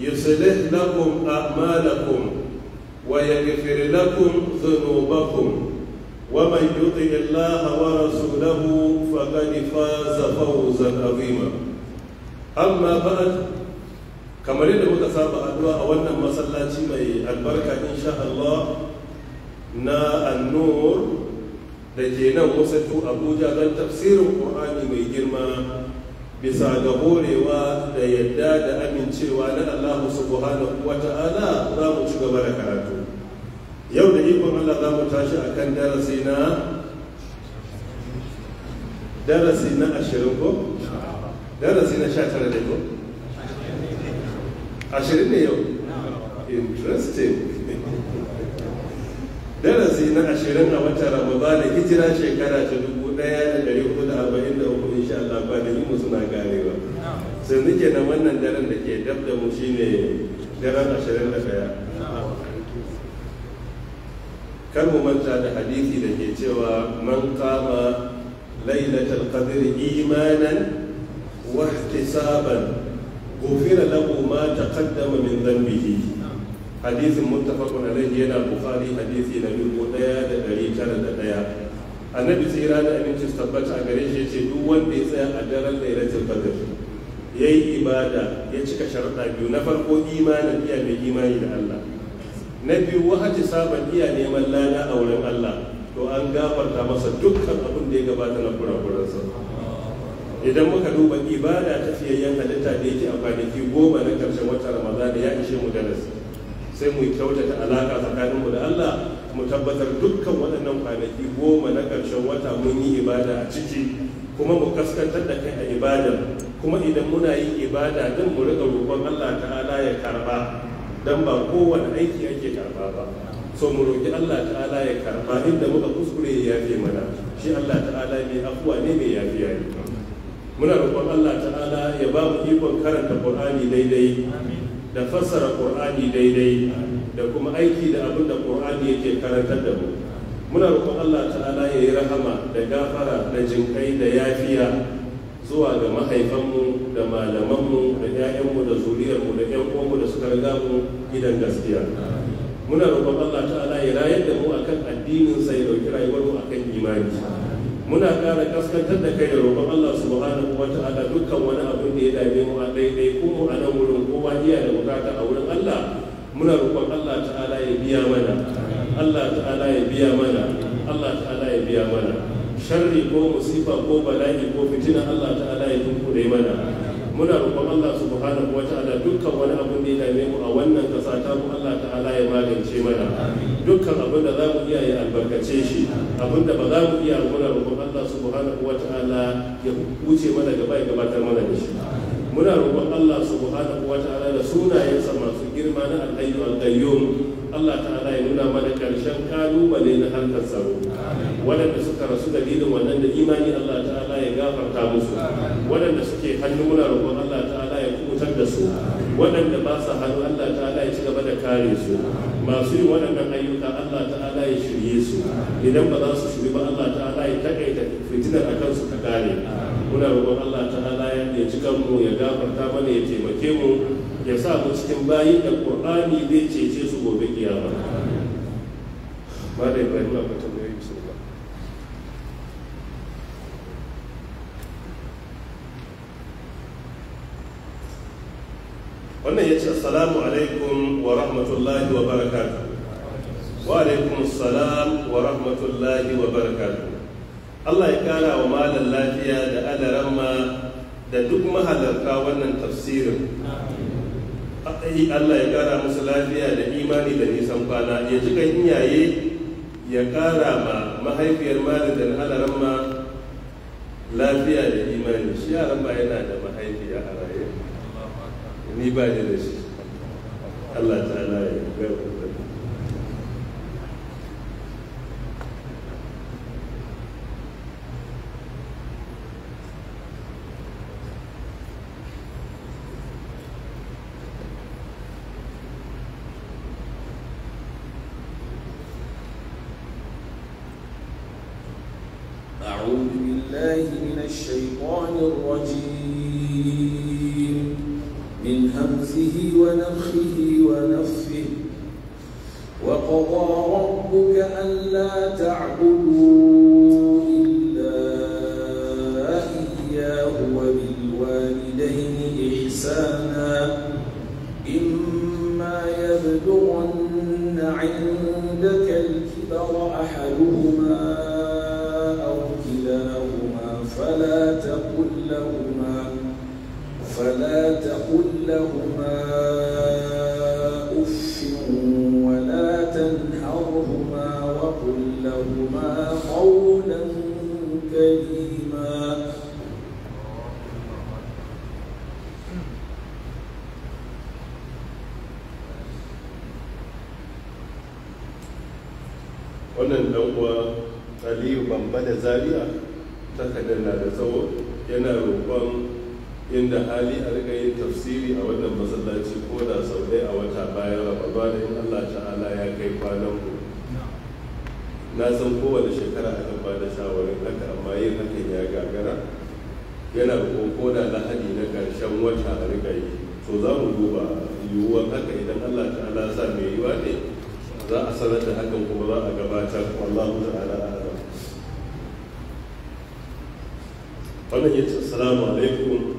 يصلح لكم أعمالكم ويغفر لكم ذنوبكم ومن يطع الله ورسوله فقد فاز فوزا عظيما أما بعد kamar yadda muka saba addu'a a wannan masallaci mai albarka insha na annur da ke nan wasu abuja don tafsirin ƙur'ani mai girma bisa ga horewa da yadda da amincewa na Allah subhanahu wa ta'ala za mu ci gaba da karatu yau da ikon Allah za mu tashi a kan darasi na darasi na ashirin ko? darasi na sha tara da ko? ashirin ne yau interesting darasi na ashirin a watan ramadana hijira shekara ta dubu ɗaya da ɗari hudu da arba'in da insha Allah mu suna garewa sai nake na wannan daren da ke dab da mu shine daren ashirin da kar mu manta da hadisi da ke cewa man kama lailatul qadr imanan wa ihtisaban غفر له ما تقدم من ذنبه حديث متفق ɗaya. هنا البخاري حديث نبي 1901 annabi tsira da abincin tabbata a gare shi ce duk wanda ya tsaya a daren da lailatul Ya yi ibada ya cika sharaɗa biyu na farko imanin iya mai imani da Allah na biyu wahaji saban iya neman lada a wurin Allah to an gafarta masa dukkan abin da ya gabata na kurakuransa idan muka duba ibada ta fiyayyen halitta da yake a kwanaki goma na karshen wata ramadana ya ishe mu darasi sai mu kyautata alaka tsakaninmu da Allah mu tabbatar dukkan waɗannan kwanaki goma na ƙarshen wata mun yi ibada a ciki kuma mu kaskantar da kai a ibadar kuma idan muna yin ibada din mu riƙa roƙon Allah ta'ala ya karba dan ba kowane aiki ake karba ba so mu roƙi Allah ta'ala ya karba inda muka kuskure ya yafe mana shi Allah ta'ala mai afuwa ne mai yafiya ne muna roƙon Allah ta'ala ya ba mu ikon karanta Qur'ani daidai da fassara ƙur'ani daidai da kuma aiki da abin da ƙor'ani yake karantar da mu muna roƙon Allah ta'ala ya yi rahama da gafara da jinkai da yafiya zuwa ga mahaifanmu da malamanmu da 'ya'yanmu da zuriyarmu da 'yan uwanmu da suka riga mu gidan gaskiya muna roƙon Allah ta'ala ya rayar da mu akan addinin sai dauki rayuwar mu akan imani muna ƙara kaskantar da kai da roƙon Allah subhanahu wa ta'ala dukkan wani abin da ya dame mu a daidai ko mu a nan wurin kowa iya da bukata a wurin Allah muna roƙon Allah ta'ala ya biya mana Allah ta'ala ya biya mana Allah ta'ala ya biya mana sharri ko musifa ko bala'i ko fitina Allah ta'ala ya tunkure mana muna roƙon Allah subhanahu wa ta'ala dukkan wani abin da ya dame mu a wannan ƙasa ta mu Allah ta'ala ya magance mana dukkan abin da za mu iya ya albarkace shi abin da ba za mu iya muna Allah subhanahu wa ta'ala ya wuce mana gaba ya gabatar mana da shi muna roƙon Allah subhanahu wa ta'ala da sunayensa masu girma na alhayyu alqayyum Allah ta'ala ya nuna mana karshen kalubale na harkar tsaro waɗanda suka rasu dalilin wannan da imani Allah ta'ala ya gafarta musu waɗanda suke hannu muna roƙon Allah ta'ala ya kubutar da su waɗanda ba sa hannu Allah ta'ala ya ci gaba da kare su masu yi waɗannan ayyuka Allah ta'ala ya shirye su idan ba za su kanmu ya gafarta mana ya taimake mu ya sa mu cikin bayi da qur'ani zai cece su gobe kiyama mala ibrahim akwai yi bismillah wannan ya ce assalamu alaikum wa rahmatullahi wa barakatuh wa alaikum salam wa rahmatullahi wa barakatuh Allah ya kara wa malam lafiya da ma da duk mahalarta wannan tafsirin Allah ya kara musu lafiya da imani da nisan kwana ya ji kan iyaye ya kara ma mahaifiyar malin da halaran ma lafiya da imani shi yaran ba yana da mahaifiya a raye ni ba da shi Allah ta ya gaba wannan ya ce assalamu alaikum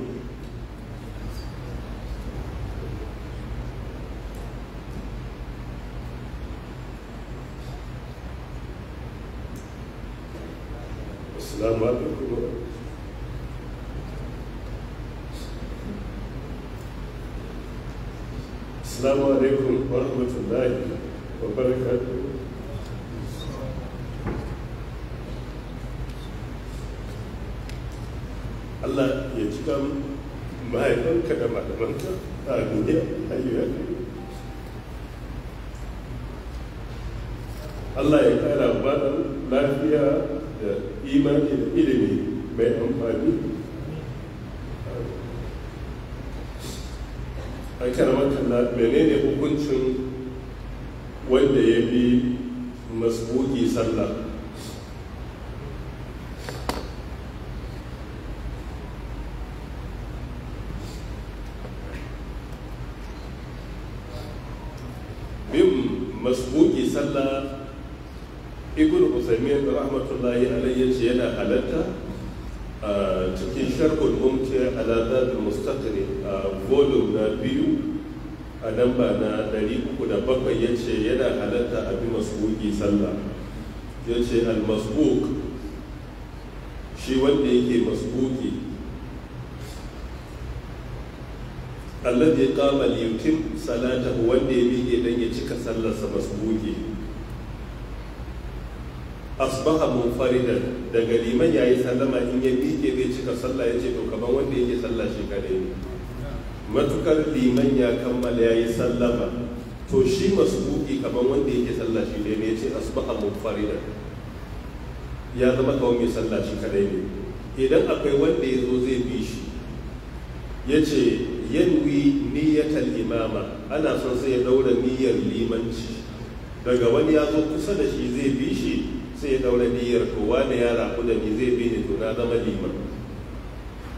cika sallarsa buge asbaha munfaridan daga liman yayi sallama in ya miƙe zai cika sallah yace to kaman wanda yake sallah shi kare ne matukar liman ya kammala yayi sallama to shi masbuki kaman wanda yake sallah shi ne yace asbaha munfaridan ya zama kawai mai sallah shi kare ne idan akwai wanda ya zo zai bi shi yace yanwi niyyatal limama ana son sai ya daura niyyar limanci daga wani ya zo kusa da shi zai bi shi sai ya ɗaura niyyar kowa da ya raku da ni zai bi ni to na zama liman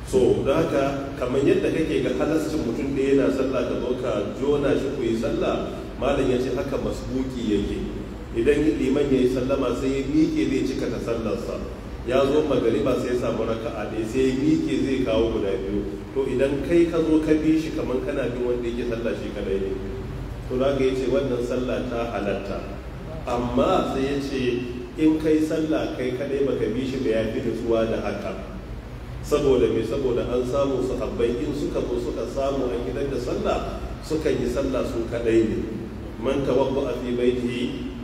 so da haka kamar yadda kake ga halascin mutum da yana sallah da bauka jona shi ku yi sallah malam ya ce haka masbuki yake idan liman ya yi sallama sai ya miƙe zai cika ta sallarsa ya zo magariba sai ya samu raka'a ɗaya sai ya miƙe zai kawo guda biyu to idan kai ka zo ka bi shi kamar kana bin wanda yake sallah shi kadai ne to za ka ce wannan sallah ta halatta amma sai ya ce in kai sallah kai kadai baka bi shi ba ya fi nutsuwa da haka saboda me saboda an samu su sahabbai in suka zo suka samu an gidan da sallah suka yi sallah su kadai ne man tawabba fi baitihi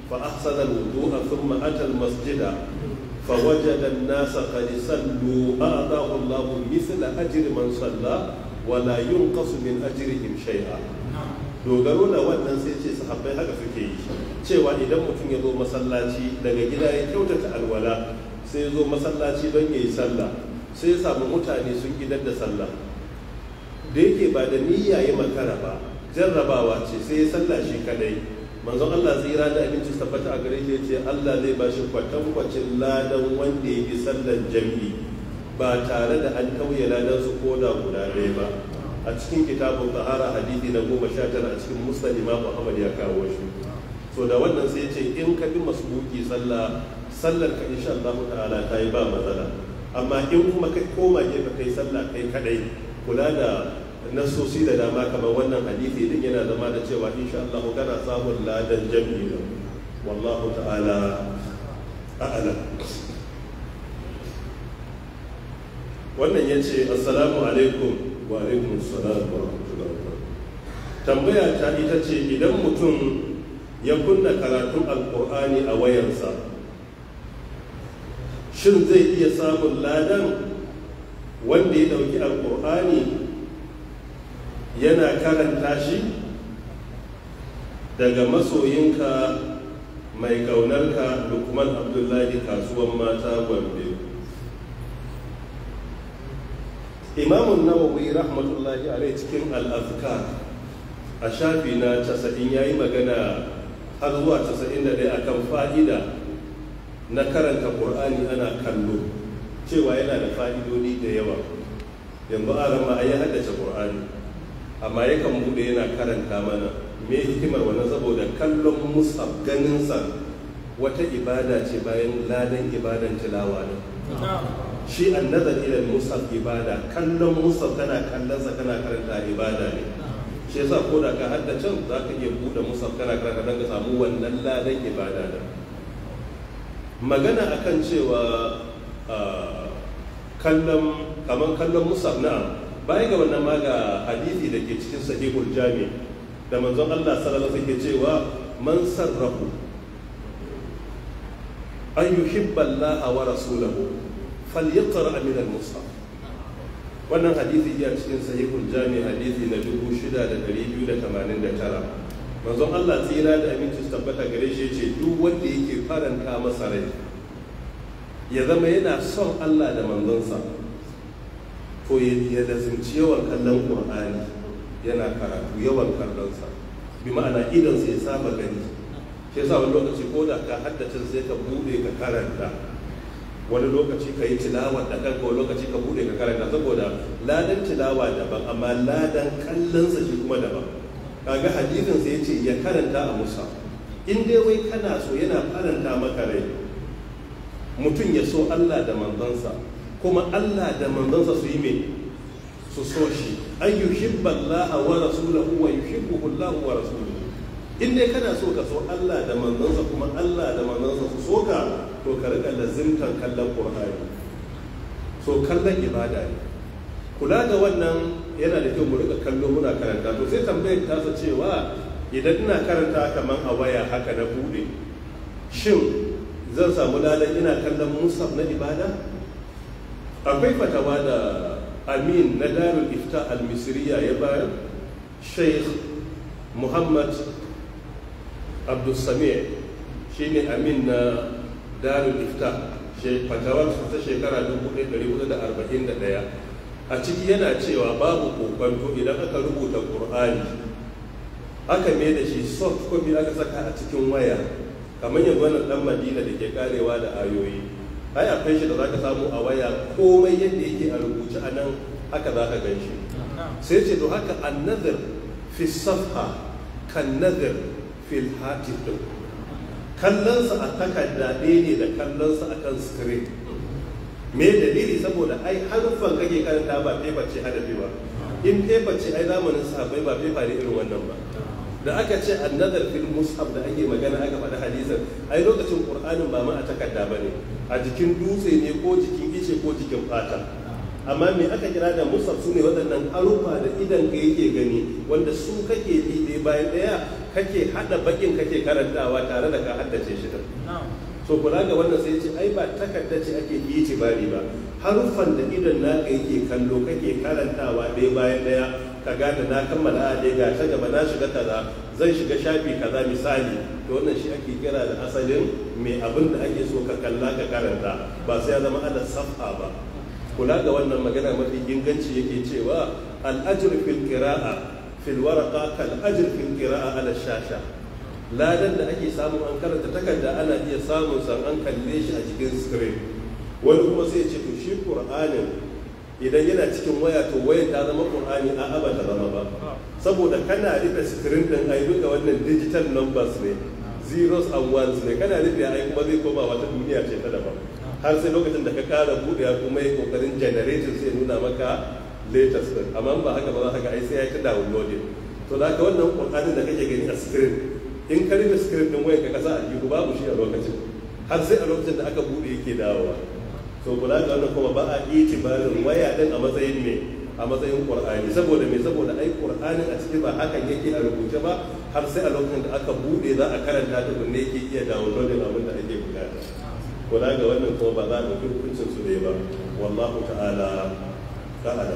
fa ahsana al-wudu'a thumma ata al-masjida فوجد الناس قد صلوا أعطاه الله مثل أجر من صلى ولا ينقص من أجرهم شيئا dogaro da wannan sai ce sahabbai haka suke yi cewa idan mutum ya zo masallaci daga gida ya kyautata alwala sai ya zo masallaci don ya yi sallah sai ya samu mutane sun gidan da sallah da yake ba da niyya ya makara ba jarrabawa ce sai ya sallah shi kadai manzon Allah zai rada abinci tabbata a gare shi ce Allah zai ba shi kwatankwacin ladan wanda ya yi sallan jami'i ba tare da an tauye ladan su ko da guda ɗaya ba a cikin kitabun tsahara hadidi na goma sha tara a cikin musulmi ma muhammad ya kawo shi so da wannan sai ce in ka bi buki sallah sallar ka insha Allah ta'ala ta yi ba matsala amma in kuma kai koma gefe kai sallah kai kadai kula da nasosi da dama kamar wannan hadisi din yana zama da cewa insha Allah kana samun ladan jami'i wallahu ta'ala a'lam wannan ya ce assalamu alaikum wa alaikum assalam wa rahmatullahi tambaya ta ita ce idan mutum ya kunna karatun alkur'ani a wayarsa shin zai iya samun ladan wanda ya dauki alkur'ani yana karanta shi daga masoyinka mai ƙaunarka lukman abdullahi kasuwan mata gombe imamun nawawi rahmatullahi alai cikin al'afka a shafi na casa'in ya yi magana har zuwa casa'in da dai akan fa'ida na karanta ƙur'ani ana kallo cewa yana da fa'idodi da yawa yanzu a rama a yi haddace ƙur'ani amma yakan bude yana karanta mana me hikimar wannan saboda kallon musab ganinsa wata ibada ce bayan ladan ibadan tilawa ne shi annazar ila musab ibada kallon musab kana kallonsa kana karanta ibada ne shi yasa ko da ka can za ka iya bude musab kana karanta don ka samu wannan ladan ibada ne magana akan cewa ah, kallon kamar kallon musab na'am baya ga wannan ma ga da ke cikin sahihul jami da manzon Allah sallallahu alaihi wasallam cewa man sarrafu an yuhibba Allah wa rasulahu falyaqra min al-mushaf wannan hadithi ya cikin sahihul jami hadithi na 6289 manzon Allah tsira da aminci tabbata gare shi ce duk wanda yake faranta masa rai ya zama yana son Allah da manzonsa ko ya lazimci yawan kallon ƙur'ani yana karatu yawan kallonsa bi ma'ana idansa ya saba gani shi sa wani lokaci ko da ka haddace sai ka bude ka karanta wani lokaci ka yi tilawa da kan ko lokaci ka bude ka karanta saboda ladan tilawa daban amma ladan kallonsa shi kuma daban kaga hadisin sai yace ya karanta a musa in dai wai kana so yana faranta maka rai mutum ya so Allah da manzansa kuma Allah da manzansa su yi mai su so shi an yi yuhibba la'a wa kuwa yi yuhibbuhu la'a wa rasula in dai kana so ka so Allah da manzansa kuma Allah da manzansa su so ka to ka rika lazimtar kallon Qur'ani so kallon ibada ne kula da wannan yana da kyau mu rika kallo muna karanta to sai tambayar tasa cewa idan ina karanta kamar a waya haka na bude shin zan samu ladan ina kallon musaf na ibada akwai fatawa da amin na darul ifta al-misriya ya bayar sheikh muhammad abdulsami shi ne amin na darul ifta fatawar ta shekara 1441 a ciki yana cewa babu kokonto idan aka rubuta kur'ani aka mai da shi soft copy aka saka a cikin waya kamar yanzu dan madina da ke karewa da ayoyi ai akwai shi da zaka samu a waya komai yadda yake a rubuce a nan haka za ka gan shi sai ce to haka annazir fi safha kan nazir fil hatif kallonsa a takarda ɗaya ne da kallonsa a kan screen me dalili saboda ai harufan kake karanta ba fefa ce hada ba in fefa ce ai zamanin sabai ba fefa ne irin wannan ba da aka ce nazar fil mus'ab da ake magana aka faɗi hadisin ai lokacin qur'anin ba ma a takarda bane a jikin dutse ne ko jikin ice ko jikin fata amma me aka kira da musaf sune waɗannan arufa da idan ka yake gani wanda su kake bi ɗaya bayan ɗaya kake haɗa bakin kake karantawa tare da ka haddace shi da so kula ga wannan sai ce ai ba takarda ce ake yi ba ba haruffan da idan naka yake kallo kake karantawa ɗaya bayan ɗaya ka gane na kammala ade ga ta gaba na shiga kaza zan shiga shafi kaza misali to wannan shi ake kira da asalin mai abin da ake so ka kalla ka karanta ba sai ya zama ala safa ba kula ga wannan magana mafi inganci yake cewa Al'ajir ajr fil qira'a fil waraqa kal ajr fil qira'a ala shasha ladan da ake samu an karanta takarda ana iya samun san an kalle shi a cikin screen wani kuma sai ya ce to shi qur'anin idan yana cikin waya to waya ta zama qur'ani a bata zama ba saboda kana rufe screen din ai duka wannan digital numbers ne zeros and ones ne kana rufe ai kuma zai koma wata duniya ce ta daban har sai lokacin da ka kara ya kuma yi kokarin generation sai nuna maka latest din amma ba haka ba za ka ai sai ya ta to da ka wannan qur'anin da kake gani a screen in ka rufe screen din waya ka kasa a babu shi a lokacin har sai a lokacin da aka buɗe yake dawowa to kula ga wannan kuma ba a itibarin waya din a matsayin me a matsayin qur'ani saboda me saboda ai qur'ani a cikin ba hakan yake a rubuce ba har sai a lokacin da aka bude za a karanta ta kunne yake iya downloading abin da ake bukata kula ga wannan kuma ba za a ɗauki hukuncin su ba wallahu ta'ala ta'ala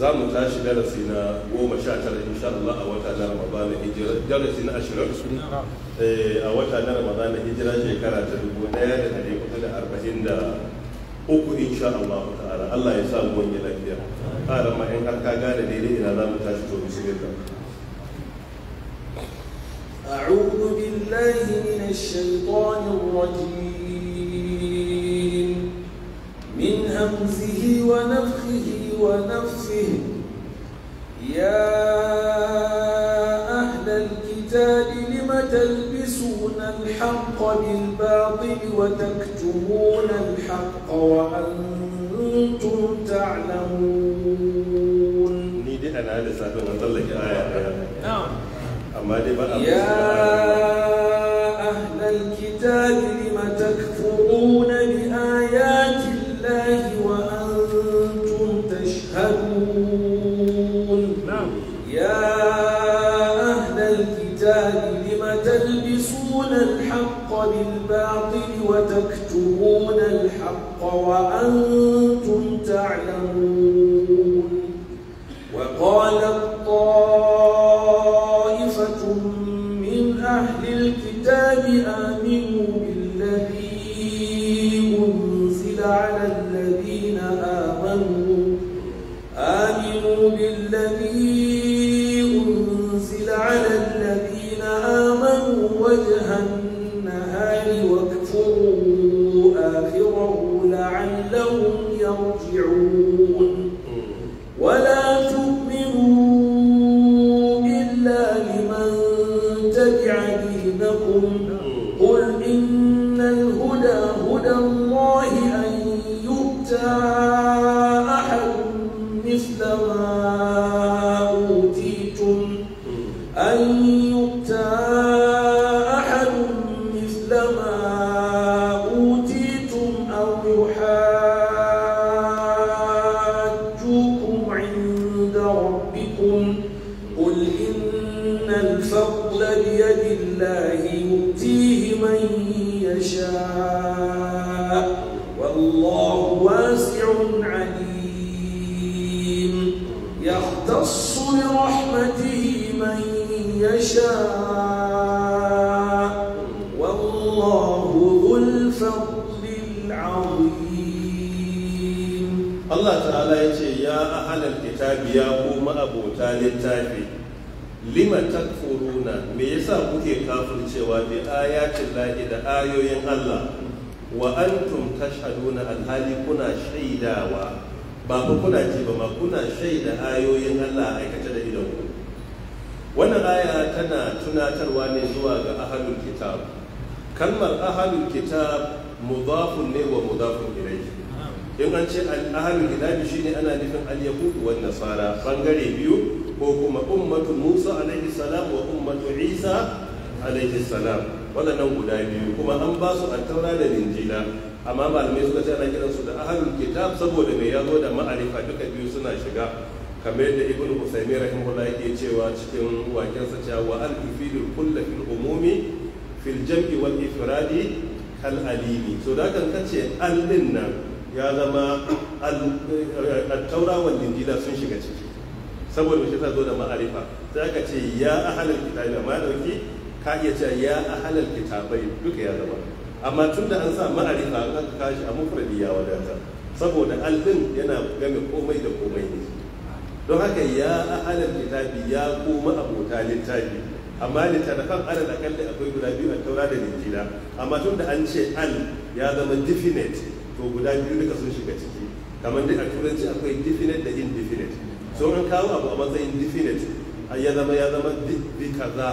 za mu tashi darasi na goma sha tara insha Allah a wata na Ramadan hijira darasi na ashirin eh, a wata na Ramadan hijira shekara ta dubu ɗaya da ɗari hudu da arba'in da uku insha Allah ta'ala Allah ya sa mu wani lafiya ƙara ma in har ka gane daidai ina za mu tashi to bismillah أعوذ بالله من الشيطان الرجيم من همزه ونفخه ونفخه الحق بالباطل وتكتمون الحق وأنتم تعلمون آه، آه. نعم يا بالباطل وتكتبون الحق وأنتم يوحى ta'ala ya ce ya ahalar kitabi ya kuma abota littafi lima takfuruna me yasa kuke kafircewa bi ayatin lahi da ayoyin Allah wa antum tashhaduna alhali kuna shaidawa ba ku kuna ji ba ma kuna shaida ayoyin Allah aikata da idan ku wannan aya tana tunatarwa ne zuwa ga ahalul kitab kalmar ahalul kitab mudafun ne wa mudafun in an ce ahlul kitabi shine ana nufin al-yahud wa nasara bangare biyu ko kuma ummatu Musa alaihi salam wa ummatu Isa alaihi salam waɗannan guda biyu kuma an ba su attaura da injila. amma malamai suka ce ana kiran su da ahlul kitab saboda mai yazo da ma'arifa duka biyu suna shiga kamar yadda ibnu usaymi rahimahullah ke cewa cikin wakensa cewa wa al-ifidul kullu fil umumi fil jam'i wal ifradi kal alimi so da kan kace al nan ya zama al-taura wa sun shiga ciki saboda shi ta zo da ma'arifa sai aka ce ya ahalal kitabai amma dauki ka iya cewa ya ahalal kitabai duka ya zama amma tun da an sa ma'arifa an aka kashi a mufradi ya wadata saboda din yana game komai da komai ne don haka ya ahalal kitabi ya koma abota littafi amma littattafan ana da kalli akwai guda biyu a taura da linjila amma tun da an ce al ya zama definite to guda biyu duka sun shiga ciki kamar dai a turanci akwai definite da indefinite so an kawo abu a matsayin definite ya zama ya zama bi kaza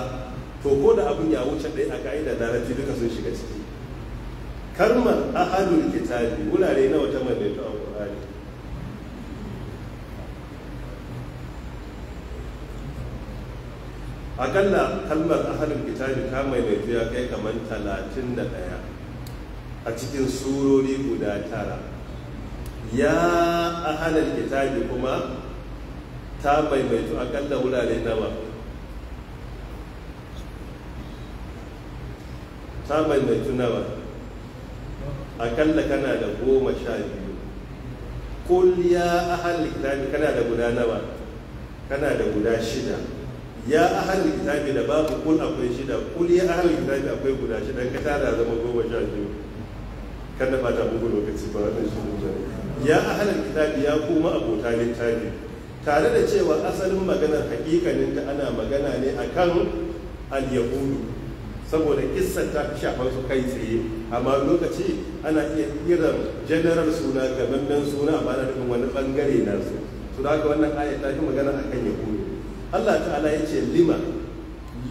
to ko da abun ya wuce ɗaya a ka'ida larabci duka sun shiga ciki kalmar ahadul kitabi wurare nawa ta mai a qur'ani akalla kalmar ahalin kitabi ta maimaitu ya kai kamar talatin da ɗaya a cikin surori guda tara ya ahalar kitabi kuma ta maimaitu akalla wurare nawa ta maimaitu nawa akalla kana da goma sha biyu kul ya ahalar kitabi kana da guda nawa kana da guda shida ya ahalar kitabi da babu kul akwai shida kul ya ahalar kitabi akwai guda shida ka tara zama goma sha biyu kada ba ta muku lokaci ba wannan shi ne ya ahalar kitabi ya kuma abota littafi tare da cewa asalin maganar hakikanin ta ana magana ne akan al-yahudu saboda kissar ta shafan su kai tsaye amma lokaci ana iya kiran general suna gamammen suna ba na wani bangare na su su da haka wannan ayat ta fi magana akan yahudu Allah ta'ala ya ce lima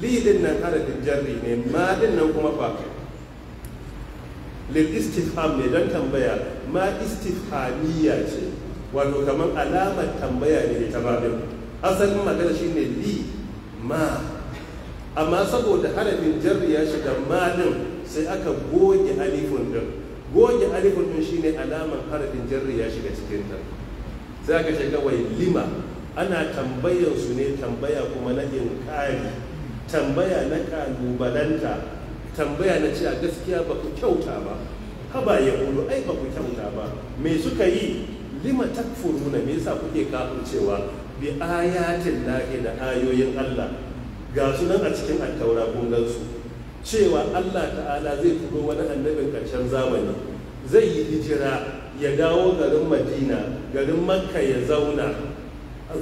lidinna nan harafin jarri ne ma nan kuma fa lil istifham ne don tambaya ma istifhamiyya ce wato kamar alamar tambaya ne ta babin asalin magana shine li ma amma saboda harafin jarri ya shiga ma sai aka goge alifun din goge alifun din shine alamar harafin jarri ya shiga cikin ta sai aka shiga wai lima ana tambayar su ne tambaya kuma na inkari tambaya na kalubalanta tambaya na ce a gaskiya ba ku kyauta ba haba ya hulu ai ba ku kyauta ba me suka yi lima takfuruna me yasa kuke kafin cewa. bi ayatin lahi da ayoyin Allah ga su nan a cikin attaura kun cewa Allah ta'ala zai fito wani annabin karshen zamani zai yi hijira ya dawo garin Madina garin Makka ya zauna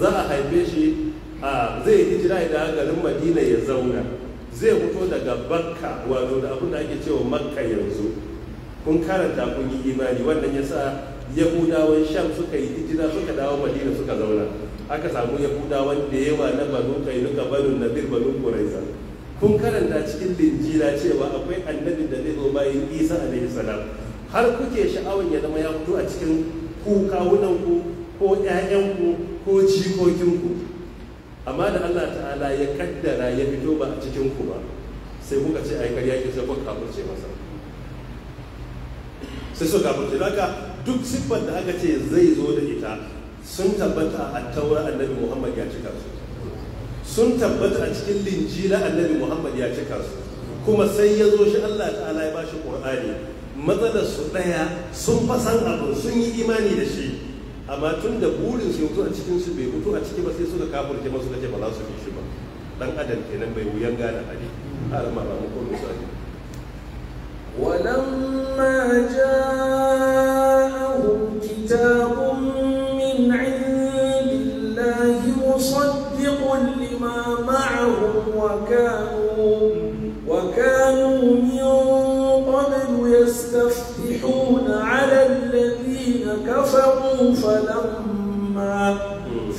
za a haife shi a zai hijira ya dawo garin Madina ya zauna zai fito daga bakka wato da abin da ake cewa makka yanzu kun karanta kun yi imani wannan ya sa yahudawan sham suka yi hijira suka dawo madina suka zauna aka samu yahudawan da yawa na banu nuka banu nadir banu quraiza kun karanta cikin linjila cewa akwai annabi da zai zo bayan isa alaihi salam har kuke sha'awan ya zama ya fito a cikin ku ko 'ya'yanku ko jikokinku amma da Allah ta'ala ya kaddara ya fito ba a cikin ku ba sai kuka ce ai kariya ke sai kuka kafirce masa sai su kafirce haka duk siffar da aka ce zai zo da ita sun tabbata a taura annabi Muhammad ya cika su sun tabbata a cikin linjila annabi Muhammad ya cika su kuma sai ya zo shi Allah ta'ala ya bashi Qur'ani matsalar su ɗaya sun fasan abu sun yi imani da shi amma tun da burin su yanzu a cikin su bai mutu a ciki ba sai suka ke masu kace ba za su bi shi ba dan adam kenan bai wuyan gane hali har ma ba mu ko misali ولما جاءهم كتاب من عند وكانوا وكانوا كفروا فلما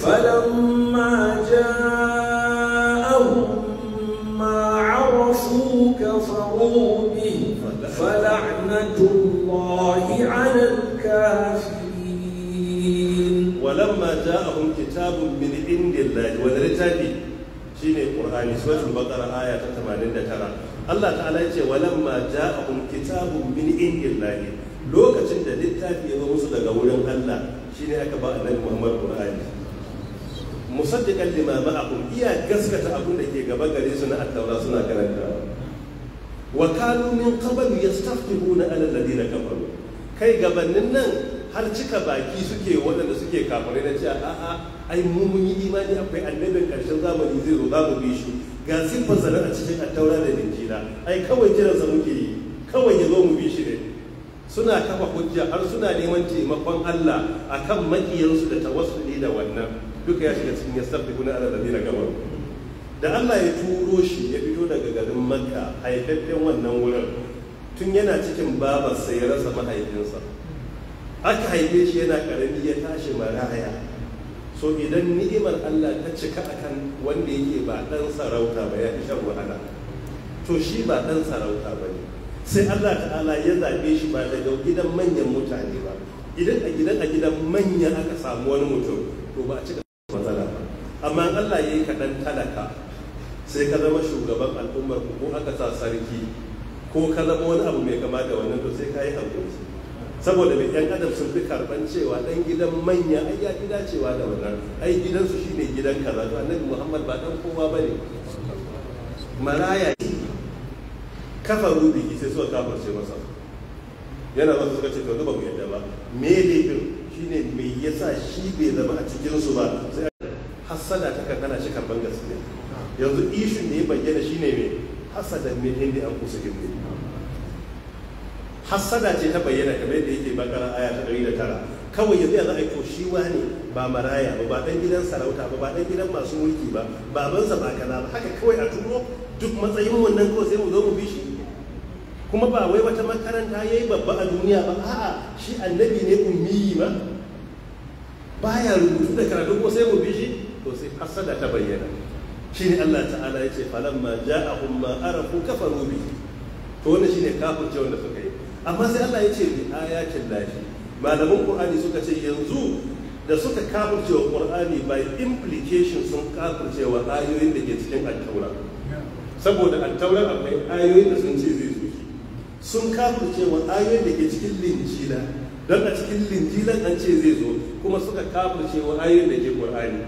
فلما جاءهم ما عرفوا كفروا به فلعنة الله على الكافرين ولما جاءهم كتاب من عند الله ولرتابي shine Qur'ani suratul Baqara aya ta 89 Allah ta'ala ya ce walamma ja'ahum kitabun min indillahi littafi ya zo musu daga wurin Allah shi ne aka ba a nan Muhammad Qur'ani musaddiqan lima ma'akum iya gaskata abin da ke gaba gare su na attaura suna karanta. wa kanu min qabl yastafihuna ala alladhina kafaru kai gabanin nan har cika baki suke waɗanda suke kafare na cewa a'a ai mu mun yi imani akwai annabin karshen zamani zai zo zamu bi shi ga sifar a cikin attaura da injila ai kawai jiransa muke yi kawai ya zo mu bi shi suna kafa hujja har suna neman taimakon Allah a kan maƙiyansu da tawassuli da wannan duka ya shiga cikin guna ala alladhina gabar da Allah ya turo shi ya fito daga garin Makka haifaffen wannan wurin tun yana cikin babar ya rasa mahaifinsa aka haife shi yana karami ya tashi maraya so idan ni'imar Allah ta cika akan wanda yake ba ɗan sarauta ba ya fi shan wahala to shi ba ɗan sarauta ba ne sai Allah ta'ala ya zabe shi ba daga gidan manyan mutane ba idan a gidan a gidan manya aka samu wani mutum to ba a cika matsala ba amma Allah ya yi kaɗan talaka sai ka zama shugaban al'ummar ku ko aka sa sarki ko ka zama wani abu mai kama da wannan to sai ka yi hankali saboda mai yan adam sun fi karɓan cewa dan gidan manya ai ya fi dacewa da wannan ai gidansu shine gidan kaza to annabi Muhammad ba dan kowa bane maraya kafa ki sai suka ce masa yana masa suka ce ka ba mu yadda ba me shi ne me yasa shi bai zama a cikin su ba sai hasada ta kankana shi karban gaske yanzu ishin da ya bayyana shine mai hasada me inda an kusa gindi hasada ce ta bayyana kamar yadda yake bakara aya ta da tara. kawai yanzu ya aiko a yi shi ne ba maraya ba ba dan gidan sarauta ba ba dan gidan masu mulki ba babansa ba kaza ba haka kawai a turo duk matsayin nan kawai sai mu zo mu bi shi kuma ba wai wata makaranta ya yi babba a duniya ba a'a shi annabi ne ummiyi ba baya rubutu da karatu ko sai mu shi to sai hasada ta bayyana Shi ne Allah ta'ala ya ce falamma ja'ahum ma arafu kafaru bihi to wannan kafin ce wanda suka yi amma sai Allah ya ce bi ayatin lafi Malamin Qur'ani suka ce yanzu da suka kafirce wa Qur'ani by implication sun kafirce wa ayoyin da ke cikin al-Taura saboda al-Taura akwai ayoyin da sun ce zai sun kafin wa ayoyin da ke cikin linjila don a cikin linjilan an ce zai zo kuma suka kafin wa ayoyin da ke qur'ani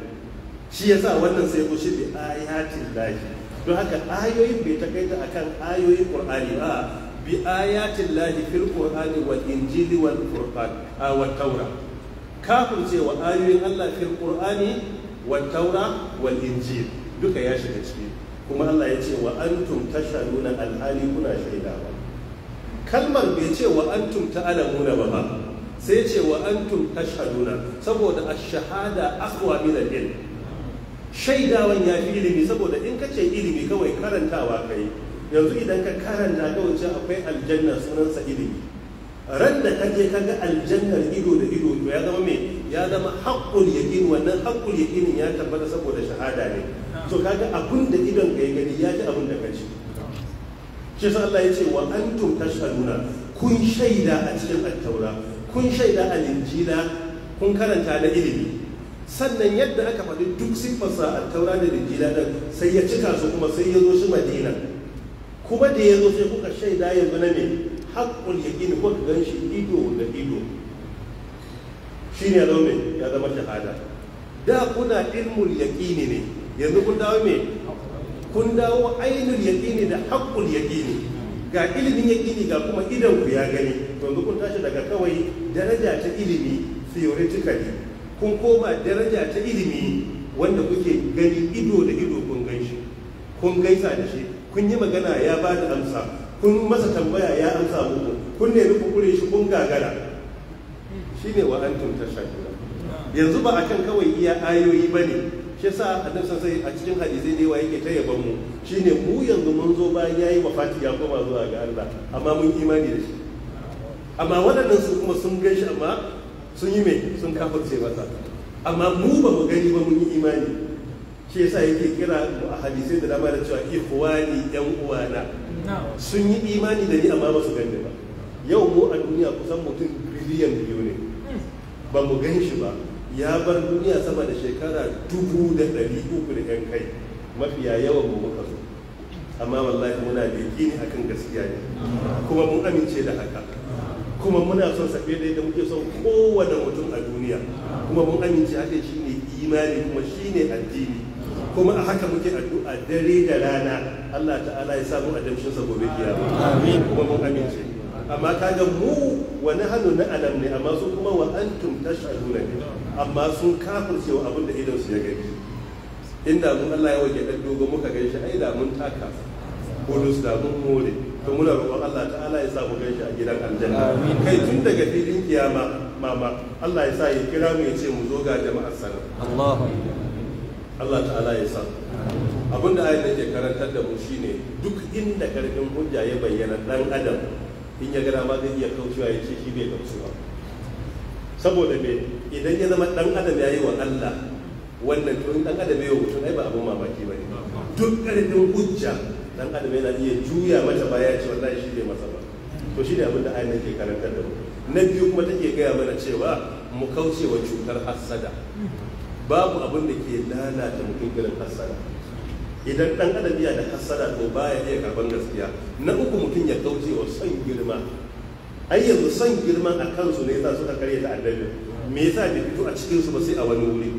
shi sa wannan sai ku da ayatin lahi don haka ayoyin bai a akan ayoyin Kur'ani ba bi ayatin lahi fil wal injili wal a wat taura wa ayoyin Allah fil qur'ani wa taura wal injili duka ya shiga ciki kuma Allah ya ce wa antum nuna alhali kuna shaidawa kalmar bai ce wa antum alamuna ba ba sai ce wa antum tashhaduna saboda a shahada akwa min al shaidawan ya fi ilimi saboda in ka ce ilimi kawai karantawa ka yi yanzu idan ka karanta ga wancan akwai aljanna sunansa ilimi ran da ka je ka ga aljannar ido da ido to ya zama mai ya zama haqqul yaƙin wannan haqqul yaqinin ya tabbata saboda shahada ne to kaga abin da idon ka ya gani ya ji abin da ka ci shi sa Allah ya ce wa antum tashhaduna kun shaida a cikin attaura kun shaida a linjila kun karanta da ilimi sannan yadda aka faɗi duk siffarsa a taura da linjila ɗin sai ya cika su kuma sai ya zo shi madina kuma da ya zo sai kuka shaida yanzu na me haƙƙul yaƙin kuka gan shi ido da ido shi ne zo ya zama shahada da kuna ilmul yaƙini ne yanzu kun dawo me kun dawo ainihin yaƙini da haqqul yaƙini ga ilimin yaƙini ga kuma idan ku ya gani yanzu kun tashi daga kawai daraja ta ilimi theoretically kun koma daraja ta ilimi wanda kuke gani ido da ido kun gan shi kun gaisa da shi kun yi magana ya ba da amsa kun masa tambaya ya amsa muku kun nemi ku shi kun gagara shi ne antum tashahidun yanzu ba a kan kawai iya ayoyi ba ne. shi sa annabi sai a cikin hadisai ne wa yake ta yaban mu shine mu yanzu mun zo bayan yayi wafati ya koma zuwa ga Allah amma mun imani da shi amma wadannan su kuma sun gan amma sun yi mai sun kafirce masa amma mu ba mu gani ba mun yi imani shi yasa yake kira a hadisai da dama da cewa ihwani yan uwana sun yi imani da ni amma ba su gani ba yau mu a duniya kusan mutum biliyan biyu ne ba mu gan shi ba ya bar duniya sama da shekara dubu da ɗari uku da yan kai mafiya yawan mu muka zo amma wallahi muna da ne akan gaskiya ne kuma mun amince da haka kuma muna son sa fiye da yadda muke son kowane mutum a duniya kuma mun amince haka shine imani kuma shine addini kuma a haka muke addu'a dare da rana Allah ta'ala ya samu adamshin sa gobe kiyama amin kuma mun amince amma ga mu wani hannu na alam ne amma su kuma wa antum tashhaduna ne amma sun kafin cewa abin da idan su ya gani inda mun Allah ya wage ɗan dogo muka gan shi ai da mun taka bonus da mun more to muna roƙon Allah ta'ala ya sa mu gan shi a gidan aljanna kai tun daga filin kiyama mama Allah ya sa ya kira mu ya ce mu zo ga jama'ar sana Allahu Allah ta'ala ya sa abinda ayat da ke karantar da mu shine duk inda karfin hujja ya bayyana dan adam in ya gana ma zai iya kaucewa ya ce shi bai kauce ba saboda me idan ya zama dan adam ya yi wa Allah wannan to dan adam ya yi mutum ai ba abin mamaki ba ne duk karfin hujja dan adam yana iya juya mata baya ce wallahi shi bai masa ba to shi ne abin da ayyana ke karantar da mu na biyu kuma take gaya mana cewa mu kauce wa cutar hassada babu abin da ke lalata mutum irin hassada idan dan adam yana da hasada to baya iya karban gaskiya na uku mutum ya kauce wa son girma ai yanzu son girma a kansu ne yasa suka karya ta addabi me yasa bai fito a cikin su ba sai a wani wuri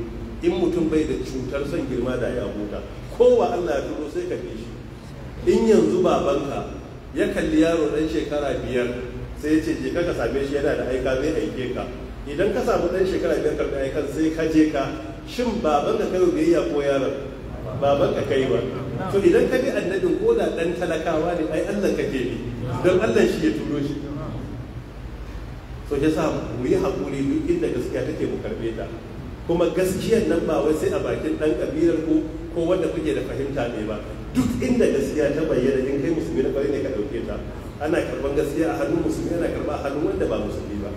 in mutum bai da cutar son girma da ya huta kowa Allah ya turo sai ka bi shi in yanzu babanka ya kalli yaro dan shekara biyar sai ya ce je ka same shi yana da aika zai aike ka idan ka samu dan shekara biyar karɓi aikan sai ka je ka shin babanka kai biyayya ko yaron baban ka kai ba to idan ka bi annabin ko da dan talakawa ne ai Allah ka ke bi don Allah shi ya turo shi so ya sa mu yi hakuri duk inda gaskiya take mu karbe ta kuma gaskiyar nan ba wai sai a bakin dan kabilar ko ko wanda kuke da fahimta ne ba duk inda gaskiya ta bayyana in kai musulmi na kwarai ne ka ɗauke ta ana karban gaskiya a hannun musulmi ana karba a hannun wanda ba musulmi ba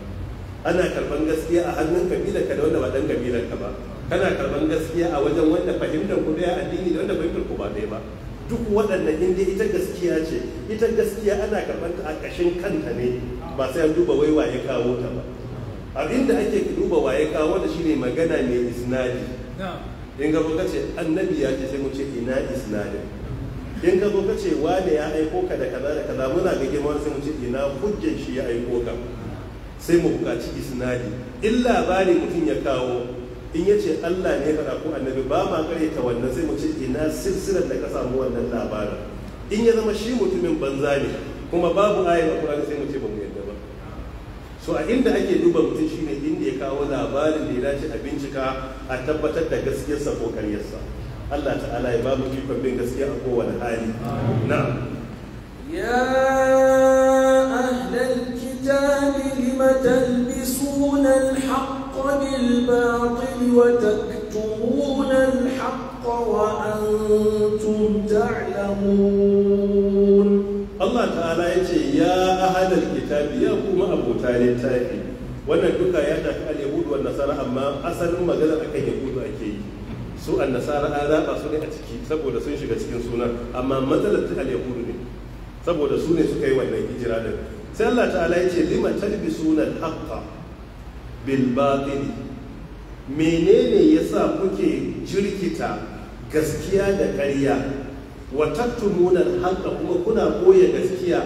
ana karban gaskiya a hannun kabilar ka da wanda ba dan kabilar ka ba kana karban gaskiya a wajen wanda fahimtar ku daya addini da wanda fahimtar ku ba daya ba duk waɗannan inda ita gaskiya ce ita gaskiya ana karɓar ta a ƙashin kanta ne ba sai an duba wai waye kawo ta ba abin da ake duba waye kawo ta shine magana mai isnadi in ga ka ce annabi ya ce sai mu ce ina isnadin in ka ka ce wane ya aiko ka da kaza da kaza muna ga girma sai mu ce ina hujjan shi ya aiko ka sai mu buƙaci isnadi in labarin mutum ya kawo in ya ce Allah ne faɗa ko annabi ba ma ta wannan sai mu ce ina silsilar da ka samu wannan labarin in ya zama shi mutumin banza ne kuma babu ayin a Qur'ani sai mu ce ba mu yadda ba so a inda ake duba mutum shine inda ya kawo labarin da ya dace a bincika a tabbatar da gaskiyarsa ko karyarsa Allah ta'ala ya babu ikon bin gaskiya a kowane hali na ya ahlal kitabi lima talbisuna al بالباطل وتكتمون الحق وأنتم تعلمون الله تعالى يتي يا أهل الكتاب يا كما أبو تالي تالي wannan duka ya tafi al-yahudu wan nasara amma asalin magana akan yahudu ake yi su an nasara an raba su ne a ciki saboda sun shiga cikin sunan amma matsalar ta al-yahudu ne saboda su ne suka yi wannan hijira din sai Allah ta'ala ya ce lima talbisuna sunan haqqa bil batil menene yasa kuke jirkita gaskiya da ƙarya wa tattumuna haka kuma kuna koya gaskiya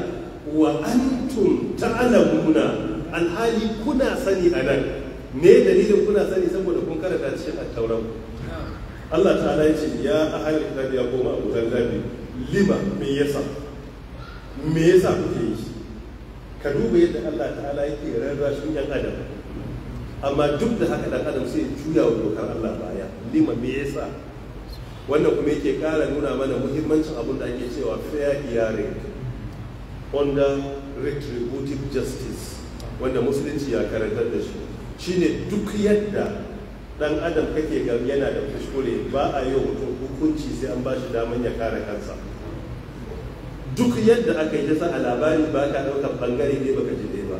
wa antum ta'lamuna alhali kuna sani a nan ne dalilin kuna sani saboda kun karanta cikin attauran Allah ta'ala ya ce ya ahli da ya koma abutan zabi lima me yasa me yasa kuke yi ka duba yadda Allah ta'ala yake rarrashin yan adam amma duk da haka dan adam sai juya wa dokar Allah baya lima me yasa wannan kuma yake kara nuna mana muhimmancin abun da ake cewa fair hearing under retributive justice wanda musulunci ya karantar da shi shine duk yadda dan adam kake ga yana da kuskure ba a yi mutum hukunci sai an bashi daman ya kare kansa duk yadda aka yi ta sa a labari ba ka ɗaukar bangare ne baka ji ba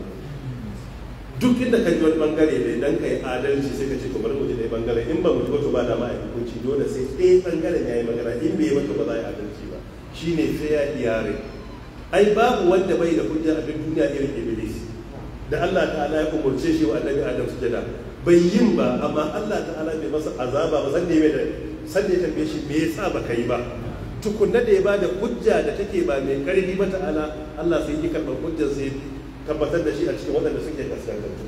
duk inda ka ji wani bangare ne dan kai adalci sai ka ce to bari mu ji dai bangare in ba mu ji ba da ma hukunci dole sai ɗaya bangaren yi magana in bai yi maka ba za a yi adalci ba shine ya iyare. ai babu wanda bai da hujja a duk duniya irin iblis da Allah ta'ala ya umurce shi wa annabi Adam jada bai yin ba amma Allah ta'ala bai masa azaba ba san da da san da tafi shi me yasa ba kai ba tukunna da ya bada hujja da take ba mai karfi ba ta'ala Allah sai ya karba hujjar sai tabbatar da shi a cikin waɗanda suke kaskantattu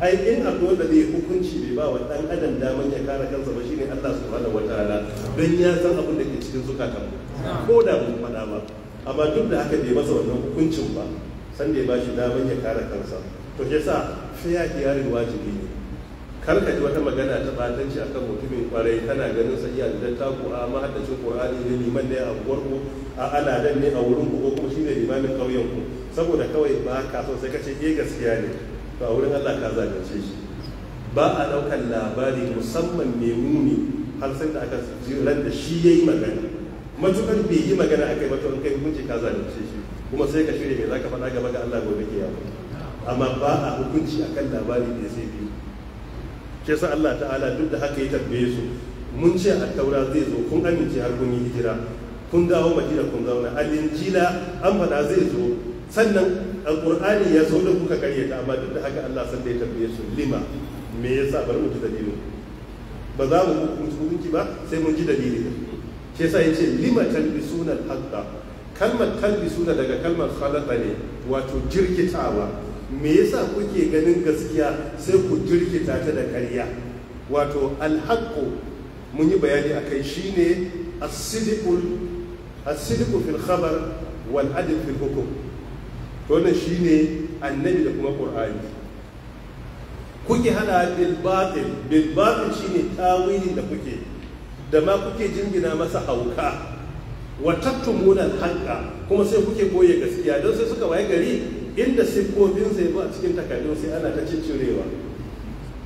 ai in a da ne hukunci bai ba wa ɗan adam daman ya kare kansa ba shine Allah subhanahu wataala don ya san abin da ke cikin zukatan mu ko da mun faɗa ba amma duk da haka bai masa wannan hukuncin ba san da ya bashi daman ya kare kansa to ke sa sai ya ki yarin wajibi ne kar ka ji wata magana ta batanci akan mutumin kwarai tana ganin sa iya da taku a mahaddacin qur'ani ne liman ne ya abuwar ku a aladan ne a wurin ku ko kuma shine limamin kauyen ku saboda kawai ba ka so sai ka ce eh gaskiya ne to a wurin Allah ka zalunce shi ba a ɗaukar labari musamman mai muni har sai da aka jiran da shi yayi magana matukar bai yi magana akai ba to in kai hukunci ka zalunce shi kuma sai ka shirya za ka faɗa gaba ga Allah gobe ke yawo amma ba a hukunci akan labari da sai bi ke sa Allah ta'ala duk da haka ya tambaye su mun ce a taura zai zo kun amince har kun yi hijira kun dawo madina kun zauna alinjila an fada zai zo sannan Alƙur'ani ya zo da kuka ta amma duk da haka Allah san da ya tambaye su lima me yasa bar mu ji dalilin ba za mu hukunci ba sai mun ji dalilin shi yasa yace lima talbisuna al-haqqa kalmar talbisuna daga kalmar khalaqa ne wato jirkitawa me yasa kuke ganin gaskiya sai ku jirkita ta da ƙarya wato al-haqqu mun yi bayani akai shine as-sidqu as-sidqu fil khabar wal adl fil hukm wannan shine annabi da kuma qur'ani kuke hana bil batil bil batil shine tawilin da kuke da ma kuke jingina masa hauka wa tattumuna al kuma sai kuke boye gaskiya don sai suka waye gari inda kofin sai ba a cikin takardun sai ana ta ciccirewa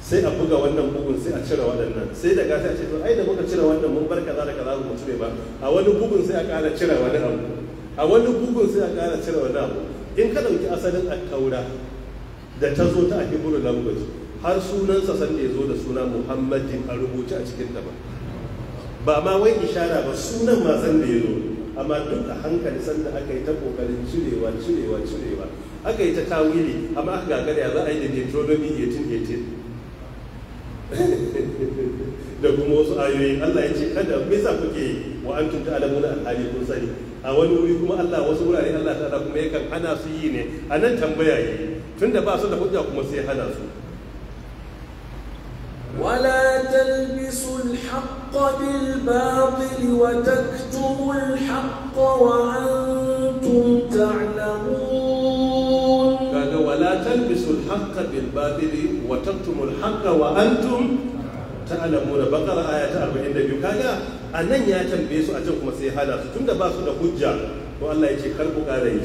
sai a buga wannan bugun sai a cire waɗannan sai da a ce to ai da muka cire wannan mun bar kaza da kaza mu cire ba a wani bugun sai a ƙara cire wani abu a wani bugun sai a ƙara cire wani abu in ka ɗauki asalin attaura da ta zo ta a hebrew language har sunansa san da ya zo da suna muhammadin a rubuce a cikin ba ba ma wai ishara ba sunan ma san da ya zo amma duk a hankali sanda aka yi ta kokarin cirewa cirewa cirewa aka yi ta tawili amma aka gagara ya za a yi da deuteronomy 1818 da kuma wasu ayoyi allah ya ce kada me za kuke yi wa antum ta'lamuna kun sani a wani wuri kuma Allah wasu wurare Allah ta'ala kuma yakan hana su yi ne a nan tambaya yi tunda ba su da hujja kuma sai hana su ولا تلبسوا الحق بالباطل وتكتموا الحق وأنتم تعلمون قال ولا تلبسوا الحق بالباطل وتكتموا الحق وأنتم تعلمون بقرة آية 42 كذا a nan ya tambaye su a can kuma sai hada su da ba su da hujja to Allah ya ce kar ku ƙara yi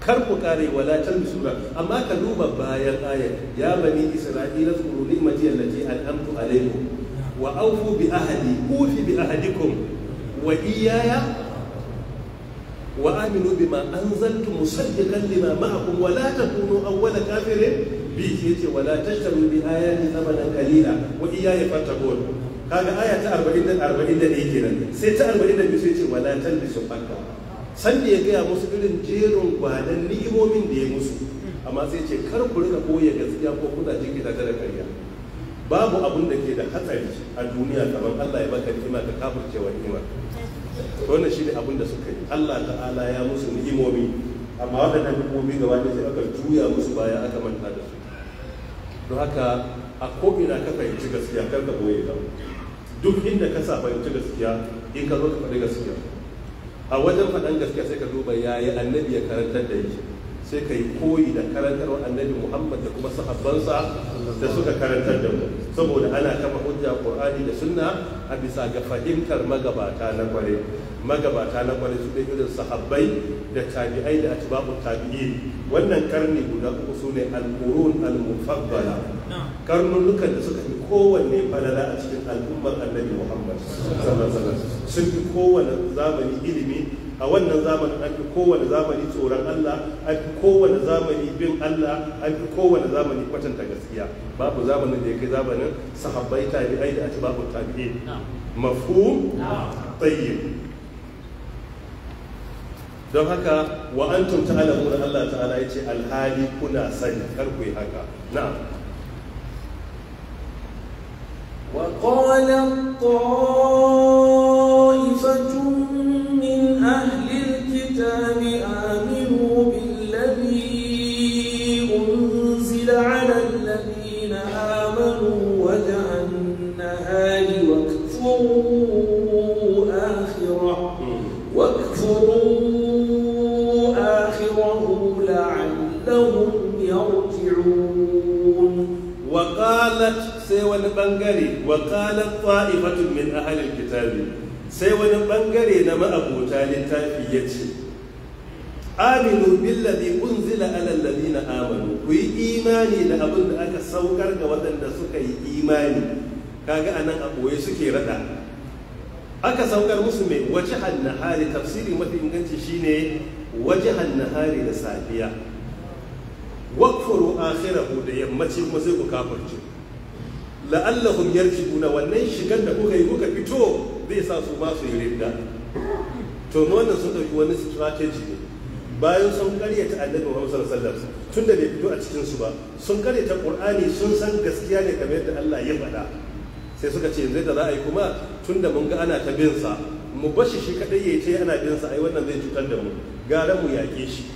kar ku ƙara yi wala talbisu ba amma ka duba bayan ayar ya bani isra'ila zkuru ni'mati allati an'amtu alaykum wa awfu bi ahdi ufi bi ahdikum wa iyaya wa aminu bima anzaltu musaddiqan lima ma'akum wa la takunu awwala kafirin bi yace wala tashtaru bi ayati thamanan qalila wa iyaya fattaqun kaga aya ta 40 da 41 kenan sai ta 42 sai ce wala talbisu haqa san da ya gaya musu irin jerin gwanan ni'imomin da ya musu amma sai ce kar ku rika koya gaskiya ko kuna jinkita da karya babu abun da ke da hatsari a duniya kamar Allah ya baka ni'ima ka kafirce wa ni'ima wannan shine abun da suka yi Allah ta'ala ya musu ni'imomi amma waɗannan ni'imomi gaba ɗaya sai aka juya musu baya aka manta da su don haka a ko'ina ka fahimci gaskiya kar ka boye ta duk inda ka sa fahimci gaskiya in ka zo ka faɗi gaskiya a wajen faɗan gaskiya sai ka duba yi annabi ya karantar da shi sai ka yi koyi da karantarwar annabi muhammad da kuma sahabbansa da suka karantar da mu saboda ana kafa hujja qur'ani da sunna a bisa ga fahimtar magabata na kware magabata na kware su dai irin sahabbai da tabi'ai da atibabu tabi'in wannan karni guda uku su ne al-qurun al-mufaddala karnunukan da suka fi kowanne falala a cikin al'ummar annabi Muhammad sun fi kowanne zamani ilimi a wannan zamanin an fi kowane zamani tsoron Allah an fi kowane zamani bin Allah an fi kowane zamani kwatanta gaskiya babu zamanin da ya kai zamanin sahabbai tabi'ai da atba'u tabi'in mafhum tayyib don haka wa antum ta'lamun Allah ta'ala yace alhali kuna sani kar ku yi haka na'am wa qala ta'ifatun bangare wa qalat ta'ifatun min halin kitabi sai wani ɓangare na ma'abota littafi ce. aminu billadhi unzila alallabi na amanu ku yi imani da abin da aka saukar ga waɗanda suka yi imani kaga a a boye suke raɗa. aka saukar musu mai wajihan nahari tafsiri mafi inganci shine wajihan nahari da safiya wakfuru akhirahu da yammaci kuma sai ku la'allahum yarjibuna wannan shigar da kuka yi kuka fito zai sa su ma su yi rinda to wannan sun dauki wani strategy ne bayan sun karyata annabi Muhammad sallallahu alaihi wasallam tunda bai fito a cikin su ba sun karyata Qur'ani sun san gaskiya ne kamar yadda Allah ya faɗa sai suka ce yanzu da za a yi kuma tunda mun ga ana ta bin sa mu bashi shi kadai yayi ce ana bin sa ai wannan zai cutar da mu gara mu yaƙe shi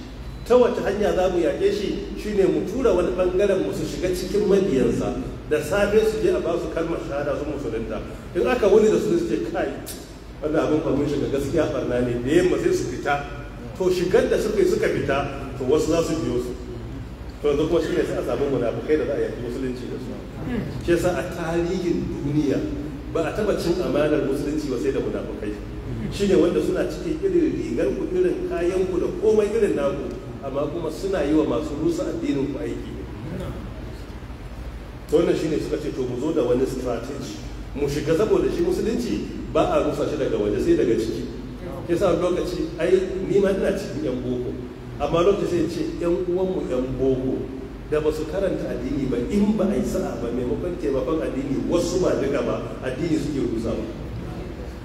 ta wace hanya za mu yaƙe shi shine mu tura wani ɓangaren mu su shiga cikin mabiyansa da safe su je a ba su kalmar shahada su musulunta in aka wuni da su suke kai wannan abin ba mun shiga gaskiya barna ne da yamma sai su fita to shigar da suka yi suka fita to wasu za su biyo su to yanzu kuma shine sai a samu munafukai da za a yaƙi musulunci da su shi yasa a tarihin duniya ba a taba cin amanar musulunci ba sai da munafukai shine wanda suna cikin irin rigar ku irin kayan ku da komai irin naku amma kuma suna yi wa masu rusa addinin ku aiki ne wannan shine suka ce to mu zo da wani strategy mu shiga saboda shi musulunci ba a rusa shi daga waje sai daga ciki sa lokaci ai ni ma ina cikin yan boko amma lokaci sai ce yan mu yan boko da ba su karanta addini ba in ba a yi sa'a ba maimakon taimakon addini wasu ba duka ba addini suke rusa ba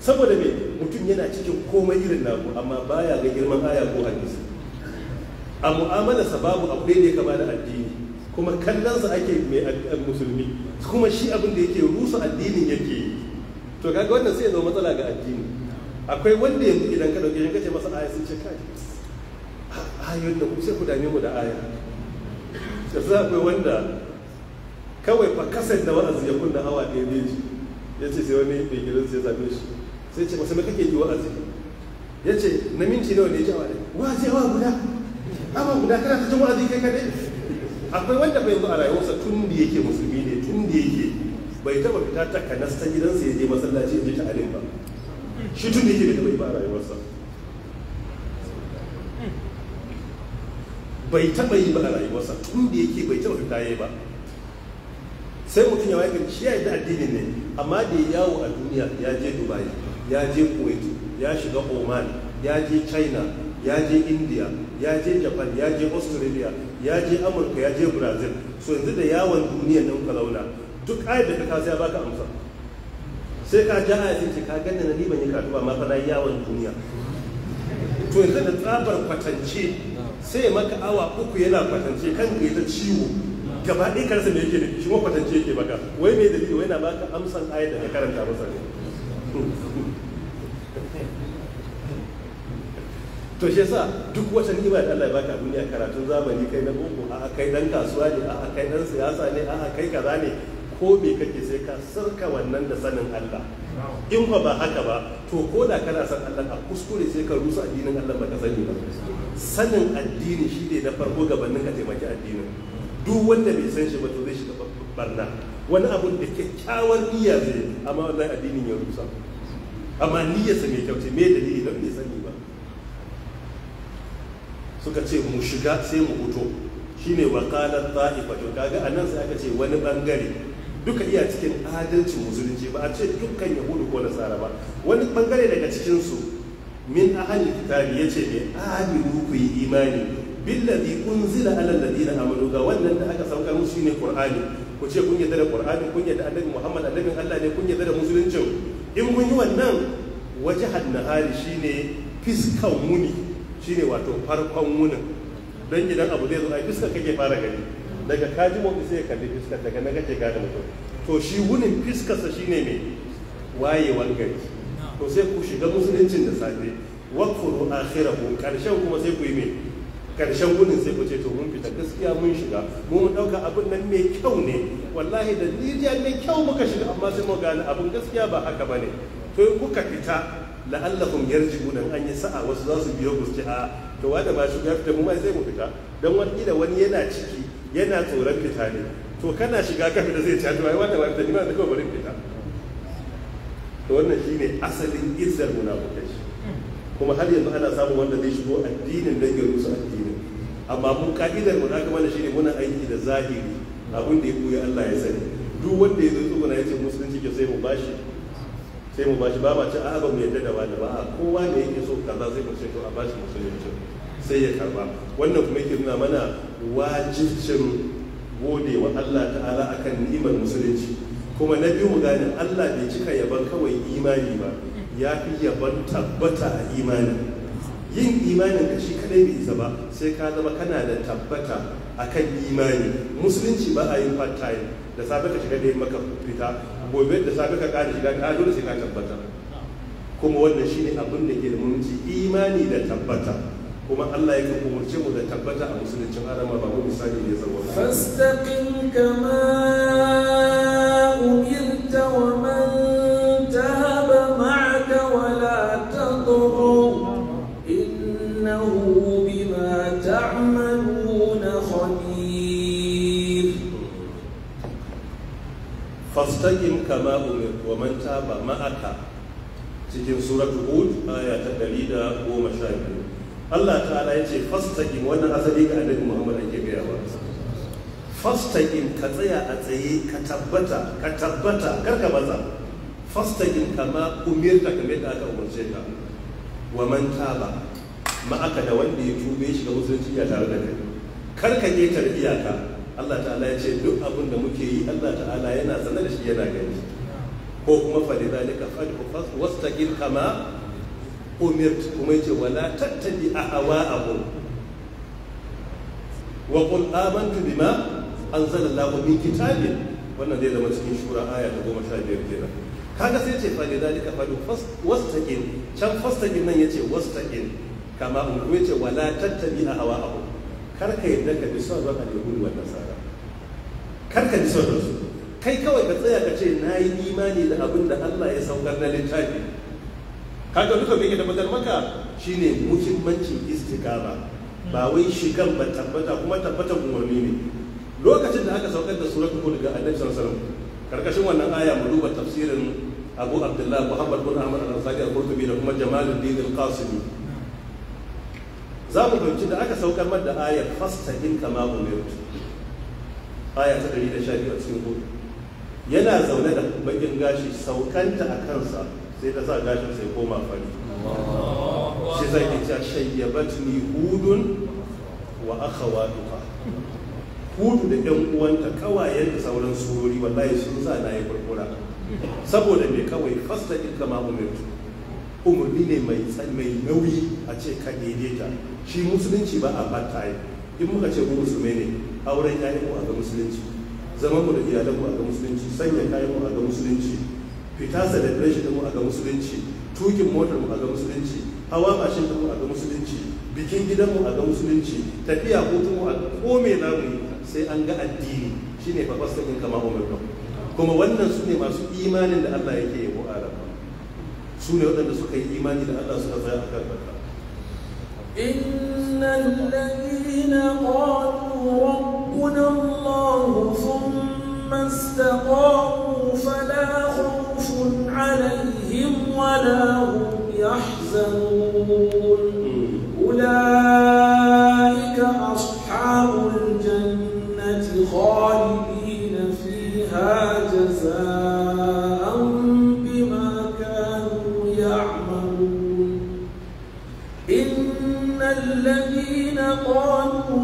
saboda me mutum yana cikin komai irin naku amma baya ga girman aya ko hadisi a mu'amalarsa babu abu da ya kama da addini kuma kallonsa ake mai musulmi kuma shi abin da yake rusa addinin yake yi to kaga wannan sai ya zama matsala ga addini akwai wanda yanzu idan ka dauke shi ce masa aya sun ce kai ayoyin da ku sai ku dame mu da aya sai akwai wanda kawai fa kasar da wa'azi ya kunna hawa da ya ji ya ce sai wani mai gidan sai zabe shi sai ce masa me kake yi wa'azi ya ce na minti nawa ne ya ce wa'azi wa'azi hawa guda amma guda kana ta jama'a zai kai kadai akwai wanda bai zo a rayuwarsa tun da yake musulmi ne tun da yake bai taba fita ta kanas ta gidansa ya je masallaci ya je ta alim ba shi tun da yake bai taba yi ba a rayuwarsa bai taba yi ba a rayuwarsa tun da yake bai taba fita yayi ba sai mutum ya waye shi ya yi da addini ne amma da ya yawo a duniya ya je dubai ya je kuwait ya shiga oman ya je china ya je india ya je japan ya je australia ya je amurka ya je brazil so yanzu da yawon duniya nan ka launa duk ayar da ka kasa ya baka amsa sai ka ja a sai ka ganna na liban ban yi katuba ma fa na yawon duniya to yanzu da tsabar kwatance sai maka awa uku yana kwatance kan ka ta ciwo gaba ɗaya karsa me yake da shi ma kwatance yake baka wai me dalili wai na baka amsan ayar da ka karanta masa ne to shi yasa duk wata ni'ima da Allah ya baka duniya karatun zamani kai na boko a kai dan kasuwa ne a kai dan siyasa ne a kai kaza ne ko me kake sai ka sarka wannan da sanin Allah in ba ba haka ba to ko da kana san Allah a kuskure sai ka rusa addinin Allah ba ka sani ba sanin addini shi ne na farko gabanin ka taimaki addinin duk wanda bai san shi ba to zai shiga barna wani abun da kyakkyawar niyya zai amma wannan addinin ya rusa amma niyyarsa mai kyau ce me dalili don bai sani suka ce mu shiga sai mu fito shine waqalat ta'ifa to kaga a nan sai aka ce wani bangare duka iya cikin adalcin musulunci ba a ce dukkan yahudu ko nasara ba wani bangare daga cikin su min ahli kitabi yace ne aminu ku yi imani billazi unzila ala alladhina amanu ga wannan da aka sauka musu ne qur'ani ku ce kun yadda da qur'ani kun yadda annabi muhammad annabin allah ne kun yadda da musulunci in kun yi wannan wajhan nahari shine fiskan muni shine wato farkon wunin don idan abu zai zo a fiskar kake fara gani daga kaji motsi sai kalli fiskar daga na kake gane mutum to shi wunin shi shine mai wayewar gari to sai ku shiga musuluncin da safe wakfuru akhirahu karshen kuma sai ku yi mai karshen wunin sai ku ce to mun fita gaskiya mun shiga mu mun dauka abin nan mai kyau ne wallahi da rijiya mai kyau muka shiga amma sai mu gane abin gaskiya ba haka bane to kuka fita la'allakum yarjibuna an yi sa'a wasu za su biyo gusti a to wanda ba shi fita mu mai sai mu fita don wani da wani yana ciki yana tsoron fita ne to kana shiga kafin da zai ci to ai wanda ba fita nima da kawai bari fita to wannan shine asalin izzar munafikai kuma har yanzu ana samun wanda zai shigo addinin da ya rusa addinin amma mun ka'idar mu naka mana shine muna aiki da zahiri abin da ya koyi Allah ya sani duk wanda ya zo tsuguna ya ce musulunci ke sai mu bashi sai mu bashi ba mace ci a'a ba mu yadda da wani ba kowa ne yake so kaza zai mu to a bashi musulunci sai ya karba wannan kuma yake nuna mana wajibcin gode wa Allah ta'ala akan ni'imar musulunci kuma na biyu mu gane Allah bai cika yaban kawai imani ba ya fi yaban tabbata a imani yin imanin ka shi kadai bai isa ba sai ka zama kana da tabbata akan imani musulunci ba a yin part time da safe ka shiga da maka fita gobe da safe ka kare shiga ka dole sai ka tabbata kuma wannan shine abin da ke da imani da tabbata kuma Allah yake umurce mu da tabbata a musulunci harama ba mu misali ne zama fastaqim kama umirta wa man fastagin kama umir wa man ba ma'aka cikin surat hud aya ta biyu Allah ta'ala ce fastagin wannan asali ga annabi Muhammad yake gaya wa fastagin ka tsaya a tsaye ka tabbata ka tabbata kar ka baza fastagin kama umirta kamar da aka umarce ka wa man ba. ma'aka da wanda ya tube shi ga musulunci ya tare da kai kar ka ƙetare iyaka Allah ta'ala ya ce duk abin da muke yi Allah ta'ala yana sanar da shi yana gani ko kuma fali ko fadhu wastaqil kama umirt kuma yace wala tattabi abu. wa qul amantu bima anzala Allah min kitabin wannan zai zama cikin shura aya ta 15 kenan kaga sai ce fali zalika fadhu wastaqil can fastaqil nan yace wastaqil kama kuma yace wala tattabi abu. kar ka yadda ka bi son ran yahudu wa nasara kar ka bi son kai kawai ka tsaya ka ce na yi imani da abin da Allah ya saukar na littafi kaga duka bai da matar maka shine muhimmancin istikama ba wai shigan ba tabbata kuma tabbatar umarni ne lokacin da aka saukar da suratul hud ga annabi sallallahu alaihi wasallam karkashin wannan aya mu duba tafsirin Abu Abdullahi Muhammad bin Ahmad al al-Qurtubi da kuma Jamaluddin al-Qasimi za mu ɗauki da aka saukar mar da ayar fasta in kama umirt aya ta shafi a cikin hudu yana zaune da bakin gashi saukanta a kansa sai ta sa gashin sai koma fari shi zai ke cewa shayyabat ni hudun wa akhawatuha hudu da yan uwanta kawayen da sauran surori wallahi sun sa na yi kurkura saboda me kawai fasta in kama umirt umurni ne mai nauyi a ce ka daidaita shi musulunci ba a fata in muka ce mu musulmai ne auren ya mu a ga musulunci zama mu da iyalan a ga musulunci sanya kayan mu a ga musulunci fita celebration mu a ga musulunci tukin motar mu a ga musulunci hawa mashin mu a ga musulunci bikin gidan mu a ga musulunci tafiya hutu mu a ko me namu sai an ga addini shine fa fasalin kama umarka kuma wannan su ne masu imanin da Allah yake yabo a su ne waɗanda suka yi imani da Allah suka tsaya a kan إن الذين قالوا ربنا الله ثم استقاموا فلا خوف عليهم ولا هم يحزنون أولئك أصحاب الجنة خالدين فيها جزاء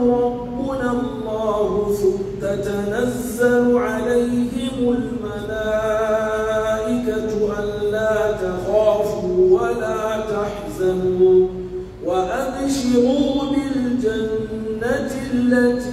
ربنا الله تتنزل عليهم الملائكة ألا تخافوا ولا تحزنوا وأبشروا بالجنة التي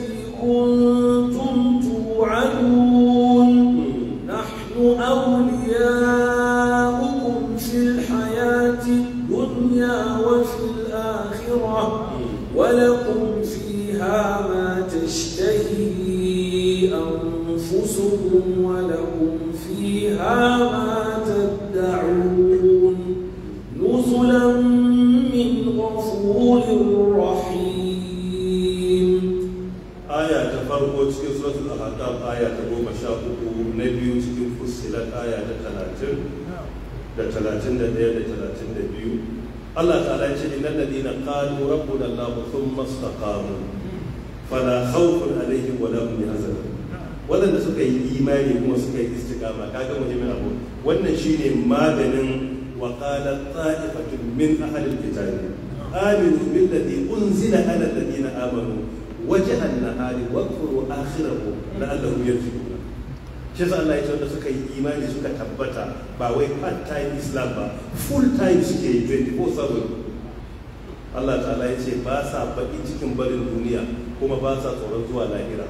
shi yasa Allah ya ce wanda suka yi imani suka tabbata ba wai part time islam ba full time suke yi 24/7 Allah ta'ala ya ce ba sa baƙin cikin barin duniya kuma ba sa tsoron zuwa lahira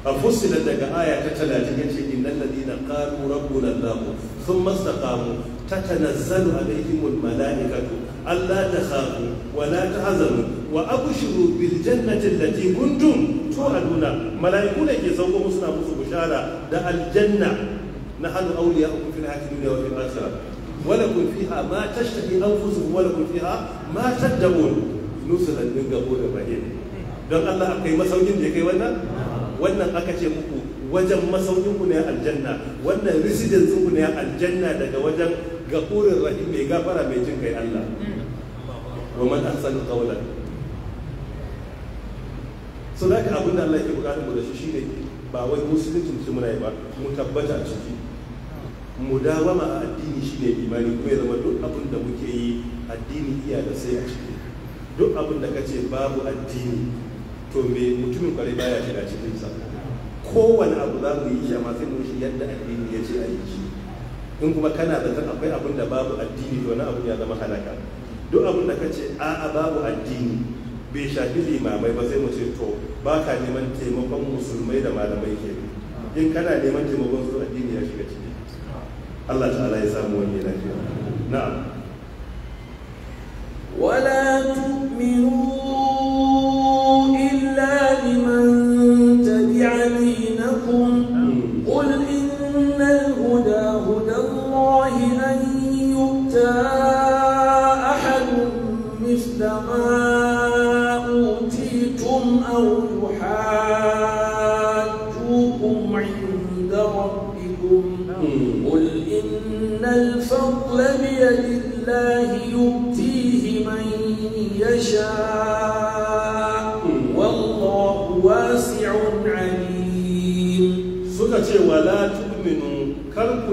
a fusilar daga aya ta talatin ya ce innan ladina qalu rabbuna allah sun istaqamu tatanazzalu alaihim almalaikatu alla takhafu wa ta tahzanu wa abshiru bil jannati allati kuntum tu'aduna malaiku ne ke sauko musu na musu bushara da aljanna na hannu nahnu awliya'ukum fil hayati duniya wa fil akhirah wala kun fiha ma tashtahi anfusukum wala kun fiha ma tad'un nusulan min ghafurir rahim don Allah akai masaukin da kai wannan wannan aka ce muku wajen masaukin ku ne aljanna wannan residence ku ne aljanna daga wajen gafurin rahim mai gafara mai jin kai Allah hmm. wa man ahsanu qawlan so abin da Allah yake bukatar mu da shi shine ba wai musulunci mutum muna yi ba mu tabbata a ciki mu dawama a addini shine imani ko ya zama duk abin da muke yi addini iya da sai a ciki duk abin da kace babu addini to me mutumin kwarai baya shiga cikin sa kowane abu za mu yi shi amma sai mu shi yadda addini ya ce a yi shi in kuma kana da akwai abin da babu addini to na abu ya zama halaka duk abin da kace a'a babu addini bai shafi limamai ba sai mu ce to ba ka neman taimakon musulmai da malamai ke in kana neman taimakon su addini ya shiga ciki Allah ta'ala ya samu wani lafiya na'am wala tu'minu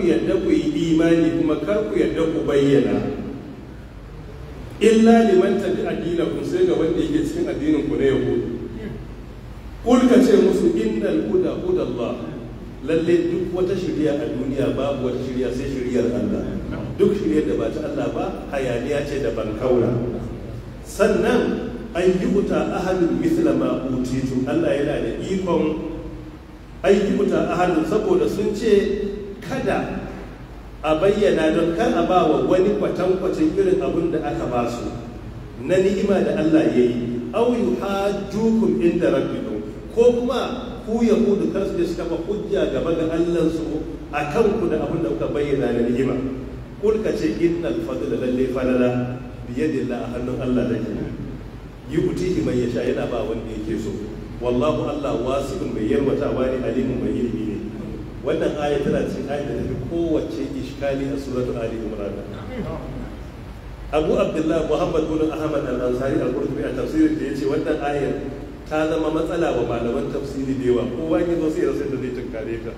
yadda ku yi imani kuma kar ku yadda ku bayyana illa liman tabi addinakum sai ga wanda yake cikin addinin ku na yahudu kul ka ce musu innal huda Allah lalle duk wata shirya a duniya babu wata shirya sai shiryar Allah duk shiryar da ba ta Allah ba hayaniya ce da ban kaura sannan an yi wuta ahadin misla ma utitu Allah yana da ikon an yi wuta ahadin saboda sun ce kada a bayyana don kan a ba wa wani kwatankwacin irin abin da aka ba su na ni'ima da Allah ya yi ha yuhajjukum inda rabbikum ko kuma ku yahudu kar su da su kafa hujja gaba ga Allah su kan ku da abin da kuka bayyana na ni'ima Kulka ka ce innal da lalle falala Allah a hannun Allah da ke yi utihi mai yasha yana ba wanda yake so wallahu Allah wasu mai yarwatawa ne alimin mai ilimi wannan aya tana cikin ayat da ta fi kowace iskali a suratu ali imran abu abdullahi muhammad bin ahmad al-ansari al-qurtubi a tafsirin da ya ce wannan ayar ta zama matsala wa malaman tafsiri da yawa kowa ya zo sai ya da zai tunkare ta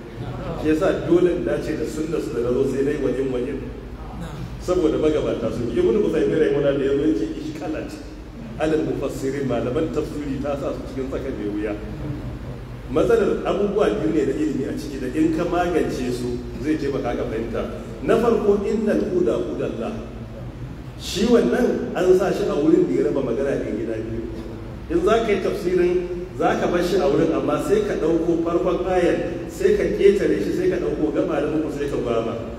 shi yasa dole in dace da sunna su da zo sai dai wajen wajen saboda magabata su ibn usaymin rahimahullah da yazo yace ishkalat alal mufassirin malaman tafsiri ta sa su cikin tsaka da wuya matsalar abubuwa biyu ne na ilimi a ciki da in ka magance su zai taimaka ka fahimta na farko kuda kuda hudallah shi wannan an sa shi a wurin da ya raba magana ɗin gida biyu in za ka yi tafsirin za ka bar shi a wurin amma sai ka ɗauko farkon ayar sai ka ƙetare shi sai ka ɗauko gaba da muku sai ka gwama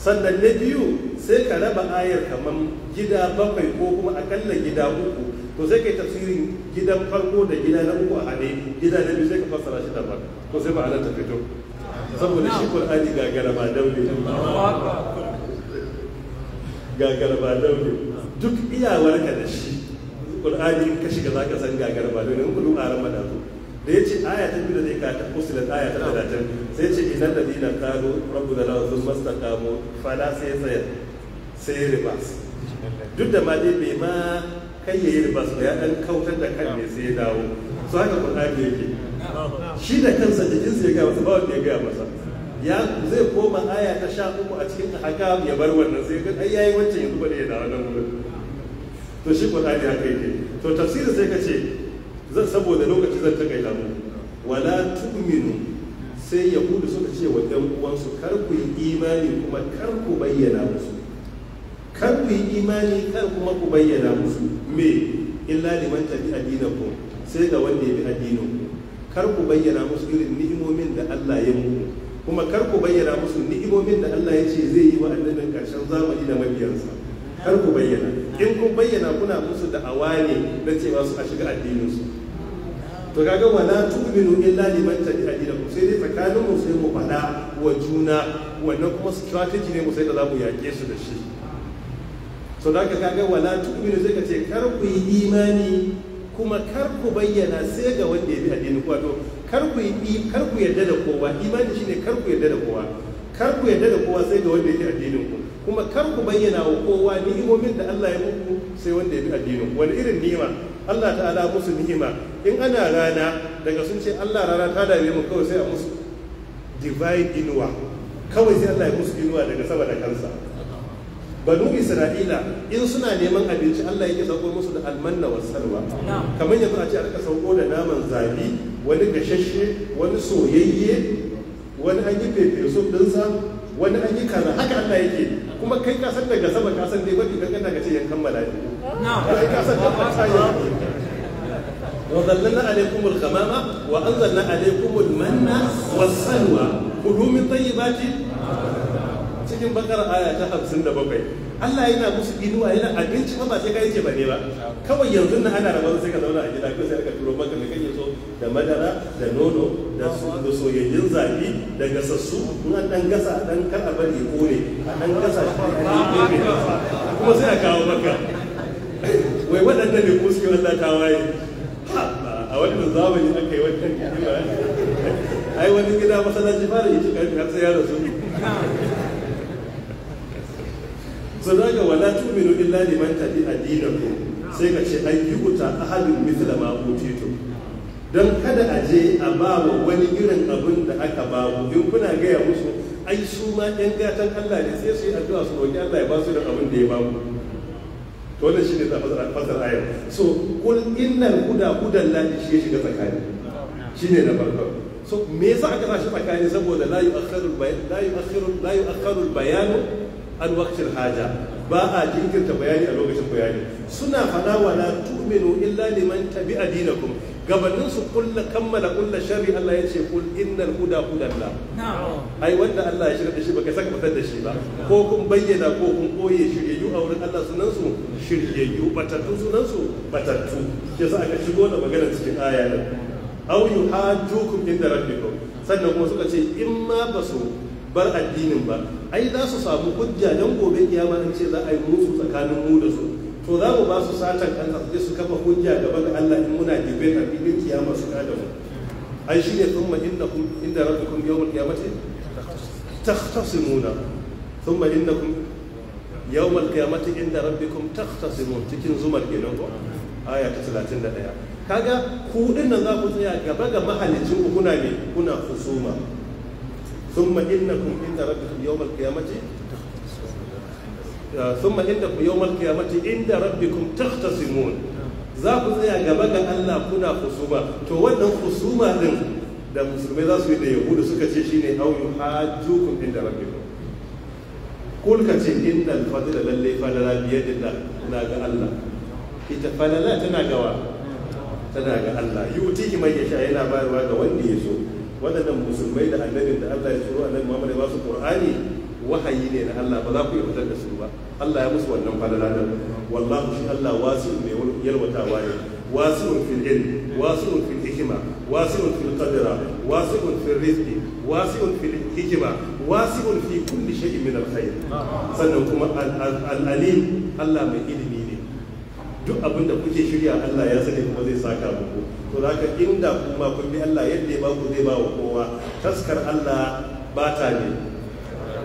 sannan na biyu sai ka raba ayar kamar gida bakwai ko kuma akalla gida uku to sai kai tafsirin gidan farko da gida na uku a haɗe gida na biyu sai ka fassara shi da ba ko sai ba ta fito saboda shi Qur'ani ga garaba daure ga garaba daure duk iyawar ka da shi Qur'ani ka shiga zaka san ga garaba daure in kullu aran madatu da yace aya ta biyu da zai kata usulat aya ta 30 sai yace innal ladina qalu rabbuna la thumma istaqamu fala sai sai sai ribas duk da ma dai bai ma kai ya yi ribas ya dan kautar da kan ne sai ya dawo su haka qur'ani yake shi da kansa jikinsa ya gaya masa bawa ya gaya masa ya zai koma aya ta sha uku a cikin haka ya bar wannan sai ga ai yayi wancan yanzu bane ya dawo nan wurin to shi qur'ani haka yake to tafsirin sai ka ce zan saboda lokaci zan kai mu wala tu'minu sai yahudu suka ce wa ɗan uwansu kar ku yi imani kuma kar ku bayyana musu kar ku yi imani kar kuma ku bayyana musu me illa liman tabi addinakum sai ga wanda ya bi addininku kar ku bayyana musu irin ni'imomin da Allah ya muku kuma kar ku bayyana musu ni'imomin da Allah ya ce zai yi wa annabin karshen zamani da mabiyansa kar ku bayyana in kun bayyana kuna musu da awani na cewa su a shiga addininsu to kaga wala tu'minu illa liman tabi addinakum sai dai tsakaninmu sai mu faɗa wa juna wannan kuma strategy ne mu sai da za mu yaƙe su da shi so da ka ga wala tu'minu zai ka ce kar ku yi imani kuma kar ku bayyana sai ga wanda ya bi addini kwato kar ku yi kar ku yarda da kowa imani shine kar ku yarda da kowa kar ku yarda da kowa sai ga wanda ya bi addinin ku kuma kar ku bayyana wa kowa ni'imomin da Allah ya muku sai wanda ya bi addinin wani irin ni'ima Allah ta'ala musu ni'ima in ana rana daga sun ce Allah rana ta dame mu kawai sai a musu divine inuwa kawai sai Allah ya musu inuwa daga sama da kansa banu isra'ila in suna neman abinci allah yake sauko musu da almanna wa salwa kamar yanzu a ce a rika sauko da naman zabi wani gashashe wani soyayye wani an yi su dinsa wani an yi kaza haka allah yake kuma kai ka san daga sama ka san dai mafi kankan daga ce yankan mala'i kai ka san daga ta yanki وظللنا عليكم الغمامة وأنزلنا عليكم المن والسلوى كلوا من طيبات cikin bakar aya ta hamsin da bakwai Allah yana musu inuwa yana abinci ba ba sai ka ce ba ne ba kawai yanzu na ana rabar sai ka zauna a gida ko sai ka turo maka da so da madara da nono da soyayyen zafi da gasassu in an dan gasa dan kar a bari ya a dan gasa shi kuma sai a kawo maka wai waɗanda ne kuske Allah ta tawaye a wannan zamani aka yi wannan hikima ai wani gida masallaci fara yi cikin har sai ya rasu sun daga wala tuminu illa liman tabi addinakum sai ka ce an yi wuta ahadin mithla ma utitu don kada a je a ba wa wani irin abin da aka ba mu in kuna gaya musu ai su ma ɗan gatan Allah ne sai su yi addu'a su roƙi Allah ya ba su da abin da ya ba mu to wannan shine ta fasar ayar so kul innal huda hudan la shi ya shiga tsakani shine na farko so me yasa aka sa shi tsakani saboda la yu'akhiru la yu'akhiru la bayanu an waktin haja ba a jinkirta bayani a lokacin bayani suna fada wala tu'minu illa liman tabi'a dinakum gabanin su kulla kammala kulla sharri Allah ya ce kul innal huda hudallah ai wanda Allah ya shirya da shi baka saka fitar da shi ba ko kun bayyana ko kun koye shiryayyu a wurin Allah sunan su shiryayyu batattu sunan su batattu yasa aka shigo da magana cikin aya nan aw yuhajjukum inda rabbikum sannan kuma suka ce in ma basu bar addinin ba ai za su samu hujja don gobe kiyama an ce za a yi musu tsakanin mu da su to za mu ba su satan kan su su kafa hujja gaba da Allah in muna debate a filin kiyama su kada mu ai shine thumma innakum inda rabbukum yawmul qiyamati takhtasimuna thumma innakum yawmul qiyamati inda rabbukum takhtasimun cikin zumar kenan ko aya ta 31 kaga ku dinnan za ku tsaya gaba ga mahallicin ku kuna ne kuna husuma ثم إنكم عند ربكم يوم القيامة ثم إنكم يوم القيامة عند ربكم تختصمون za ku tsaya gaba ga Allah kuna husuma to wannan husuma din da musulmai za su yi da yahudu suka ce shi ne shine hajju kun inda rabbikum ba. Kulka ce innal da lalle falala biyadillah na ga Allah ita falala tana gawa tana ga Allah yutihi man yasha yana bayarwa ga wanda ya so waɗannan musulmai da annabin da Allah ya tsoro annabi Muhammad ya ba su Qur'ani wahayi ne na Allah ba za ku yi wata da su ba Allah ya musu wannan falala da wallahu shi Allah wasi'un mai yalwatawa ne wasi'un fil ilm wasi'un fil hikma wasi'un fil qadra wasi'un fil rizqi wasi'un fil hikma wasi'un fi kulli shay'in min al khair sannan kuma al alim Allah mai ilimi ne duk abinda da kuke shirya Allah ya sani kuma zai saka muku to za ka inda kuma kun bi Allah yadda ya baku zai ba wa kowa taskar Allah ba ta ne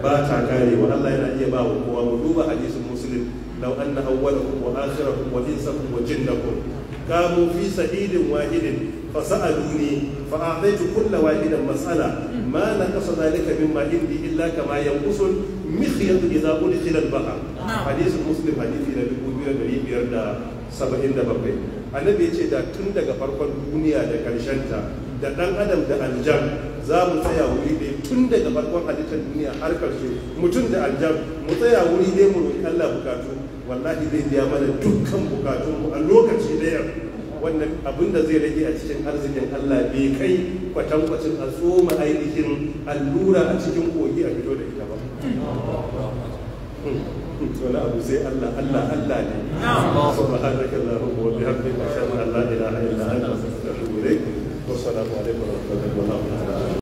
ba ta karewa Allah yana iya ba wa kowa mu duba hadisin muslim law anna awwalakum wa akhirakum wa insakum wa jinnakum kamu fi sa'idin wahidin fa sa'aluni fa a'taitu kulla wahidan mas'ala ma naqasa dhalika mimma indi illa kama yanqusul mikhyat idza ulkhila al-bahr hadisin muslim hadisi na 2577 annabi ya ce da tun daga farkon duniya da karshen ta da dan adam da aljan za mu tsaya wuri ɗaya tun daga farkon halittar duniya har karshe mutum da aljan mu tsaya wuri ɗaya mu roƙi allah bukatu wallahi zai biya mana dukkan bukatunmu a lokaci ɗaya wannan abin da zai rage a cikin arzikin allah bai kai kwatankwacin a tsoma ainihin allura a cikin kogi a fito da ita ba hmm. wani abu sai Allah Allah Allah ne subhanaka allahumma wa bihamdika ashhadu allah la ilaha illa anta astaghfiruka wa atubu ilayk wa alaikum wa rahmatullahi wa